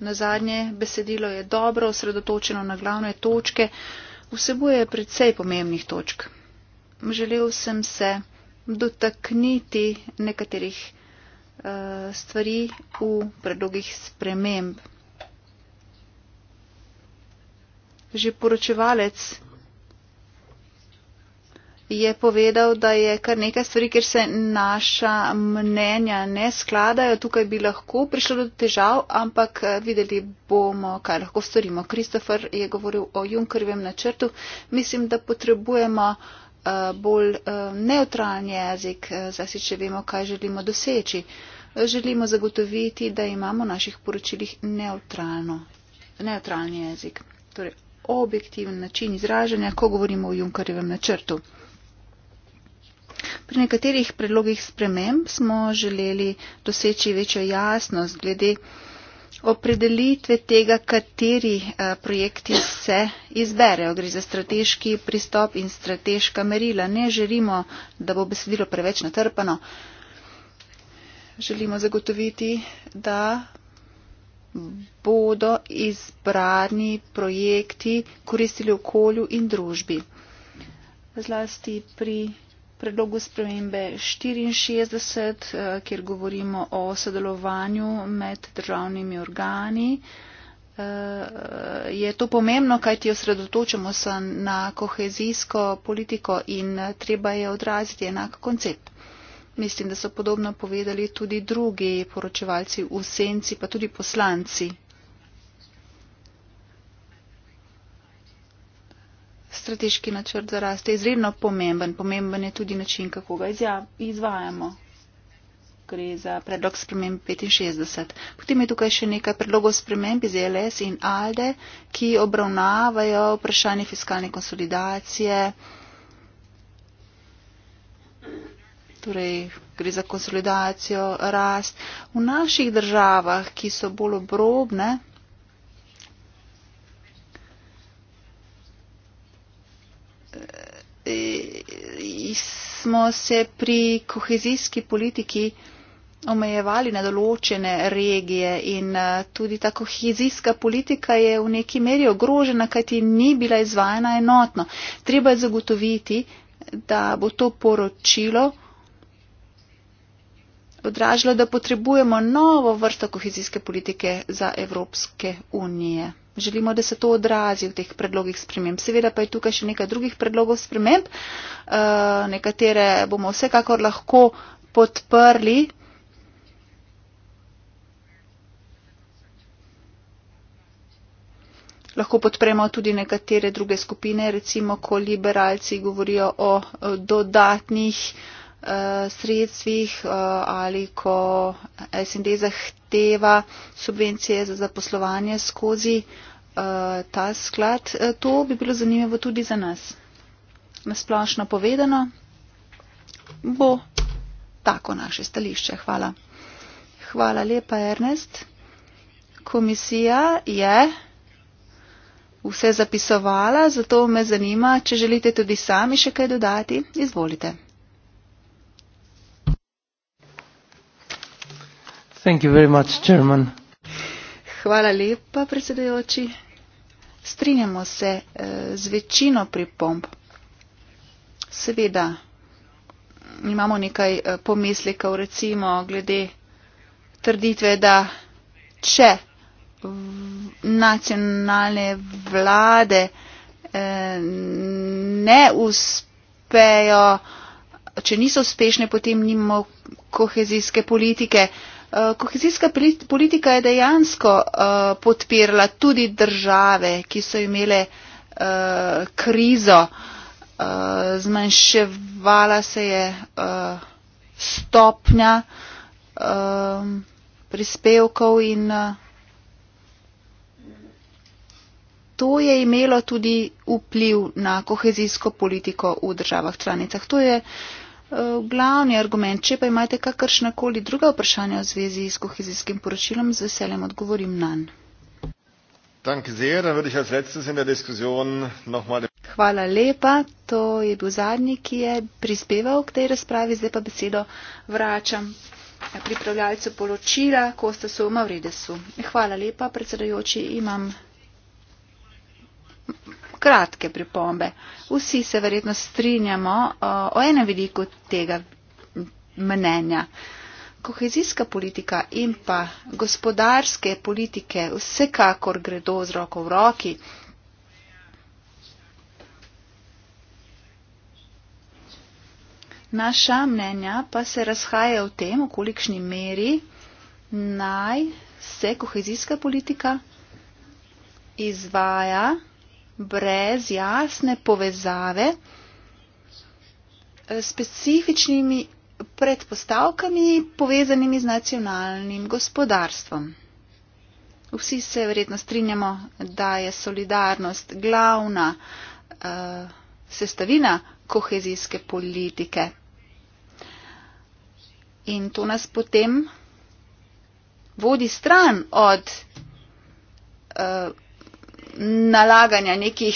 na zadnje, besedilo je dobro, osredotočeno na glavne točke, vsebuje predvsej pomembnih točk. Želel sem se dotakniti nekaterih uh, stvari v predlogih sprememb. že poročevalec je povedal, da je kar nekaj stvari, kjer se naša mnenja ne skladajo. Tukaj bi lahko prišlo do težav, ampak eh, videli bomo, kaj lahko storimo. Kristofer je govoril o Junkerjevem načrtu. Mislim, da potrebujemo uh, bolj uh, eh, neutralen jezik, uh, zase če vemo, kaj želimo doseči. Želimo zagotoviti, da imamo v naših poročilih neutralno, neutralni jezik. Torej, objektiven način izražanja, ko govorimo o Junkarjevem načrtu. Pri nekaterih predlogih sprememb smo želeli doseči večjo jasnost glede opredelitve tega, kateri eh, projekti se izberejo. Gre za strateški pristop in strateška merila. Ne želimo, da bo besedilo preveč natrpano. Želimo zagotoviti, da bodo izbrani projekti koristili okolju in družbi. Zlasti pri predlogu spremembe 64, eh, kjer govorimo o sodelovanju med državnimi organi, eh, je to pomembno, kajti osredotočamo se na kohezijsko politiko in treba je odraziti enak koncept. Mislim, da so podobno povedali tudi drugi poročevalci v senci, pa tudi poslanci. Strateški načrt za rast je izredno pomemben. Pomemben je tudi način, kako ga izvajamo. Gre za predlog sprememb 65. Potem je tukaj še nekaj predlogov sprememb iz e LS in ALDE, ki obravnavajo vprašanje fiskalne konsolidacije. torej gre za konsolidacijo, rast. V naših državah, ki so bolj obrobne, eh, smo se pri kohezijski politiki omejevali na določene regije in eh, tudi ta kohezijska politika je v neki meri ogrožena, kajti ni bila izvajana enotno. Treba je zagotoviti, da bo to poročilo podražilo, da potrebujemo novo vrsto kohezijske politike za Evropske unije. Želimo, da se to odrazi v teh predlogih sprememb. Seveda pa je tukaj še nekaj drugih predlogov sprememb, eh, nekatere bomo vsekakor lahko podprli. Lahko podpremo tudi nekatere druge skupine, recimo, ko liberalci govorijo o eh, dodatnih uh, Eh, sredstvih eh, ali ko SND zahteva subvencije za zaposlovanje skozi eh, ta sklad. To bi bilo zanimivo tudi za nas. Nasplošno povedano bo tako naše stališče. Hvala. Hvala lepa, Ernest. Komisija je vse zapisovala, zato me zanima, če želite tudi sami še kaj dodati, izvolite. Hvala lepa, predsedujoči. Strinjamo se eh, z večino pripomb. Seveda imamo nekaj eh, pomislekov, recimo glede trditve, da če nacionalne vlade eh, ne uspejo, če niso uspešne, potem nimamo kohezijske politike. Eh, kohezijska politika je dejansko eh, podpirala tudi države, ki so imele eh, krizo, zmanjševala se je stopnja prispevkov in to je imelo tudi vpliv na kohezijsko politiko v državah članicah. To je uh, Eh, glavni argument. Če pa imate kakršna koli druga vprašanja v zvezi s kohezijskim poročilom, z veseljem odgovorim na njo. Hvala lepa. To je bil zadnji, ki je prispeval k tej razpravi. Zdaj pa besedo vračam pripravljalcu poročila Kostasu Mavridesu. Hvala lepa, predsedajoči, imam kratke pripombe. Vsi se verjetno strinjamo o, uh, o enem vidiku tega mnenja. Kohezijska politika in pa gospodarske politike vsekakor gredo z roko v roki. Naša mnenja pa se razhajajo v tem, v kolikšni meri naj se kohezijska politika izvaja brez jasne povezave s eh, specifičnimi predpostavkami povezanimi z nacionalnim gospodarstvom. Vsi se verjetno strinjamo, da je solidarnost glavna uh, sestavina kohezijske politike. In to nas potem vodi stran od uh, nalaganja nekih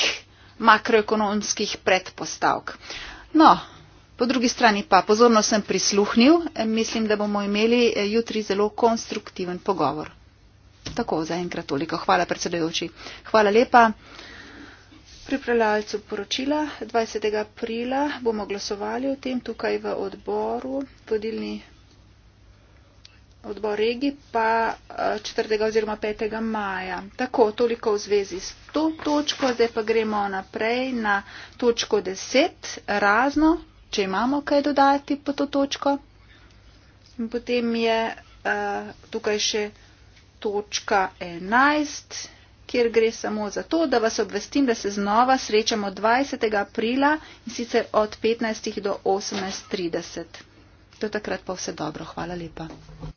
makroekonomskih predpostavk. No, po drugi strani pa pozorno sem prisluhnil, mislim, da bomo imeli eh, jutri zelo konstruktiven pogovor. Tako, zaenkrat toliko. Hvala, predsedojoči. Hvala lepa. Pripravljalcu poročila 20. aprila bomo glasovali o tem tukaj v odboru. Vodilni odbor regi pa 4. Eh, oziroma 5. maja. Tako, toliko v zvezi s to točko, zdaj pa gremo naprej na točko 10, razno, če imamo kaj dodati po to točko. In potem je uh, tukaj še točka 11, kjer gre samo za to, da vas obvestim, da se znova srečamo 20. aprila in sicer od 15. do 18.30. Do takrat pa vse dobro. Hvala lepa.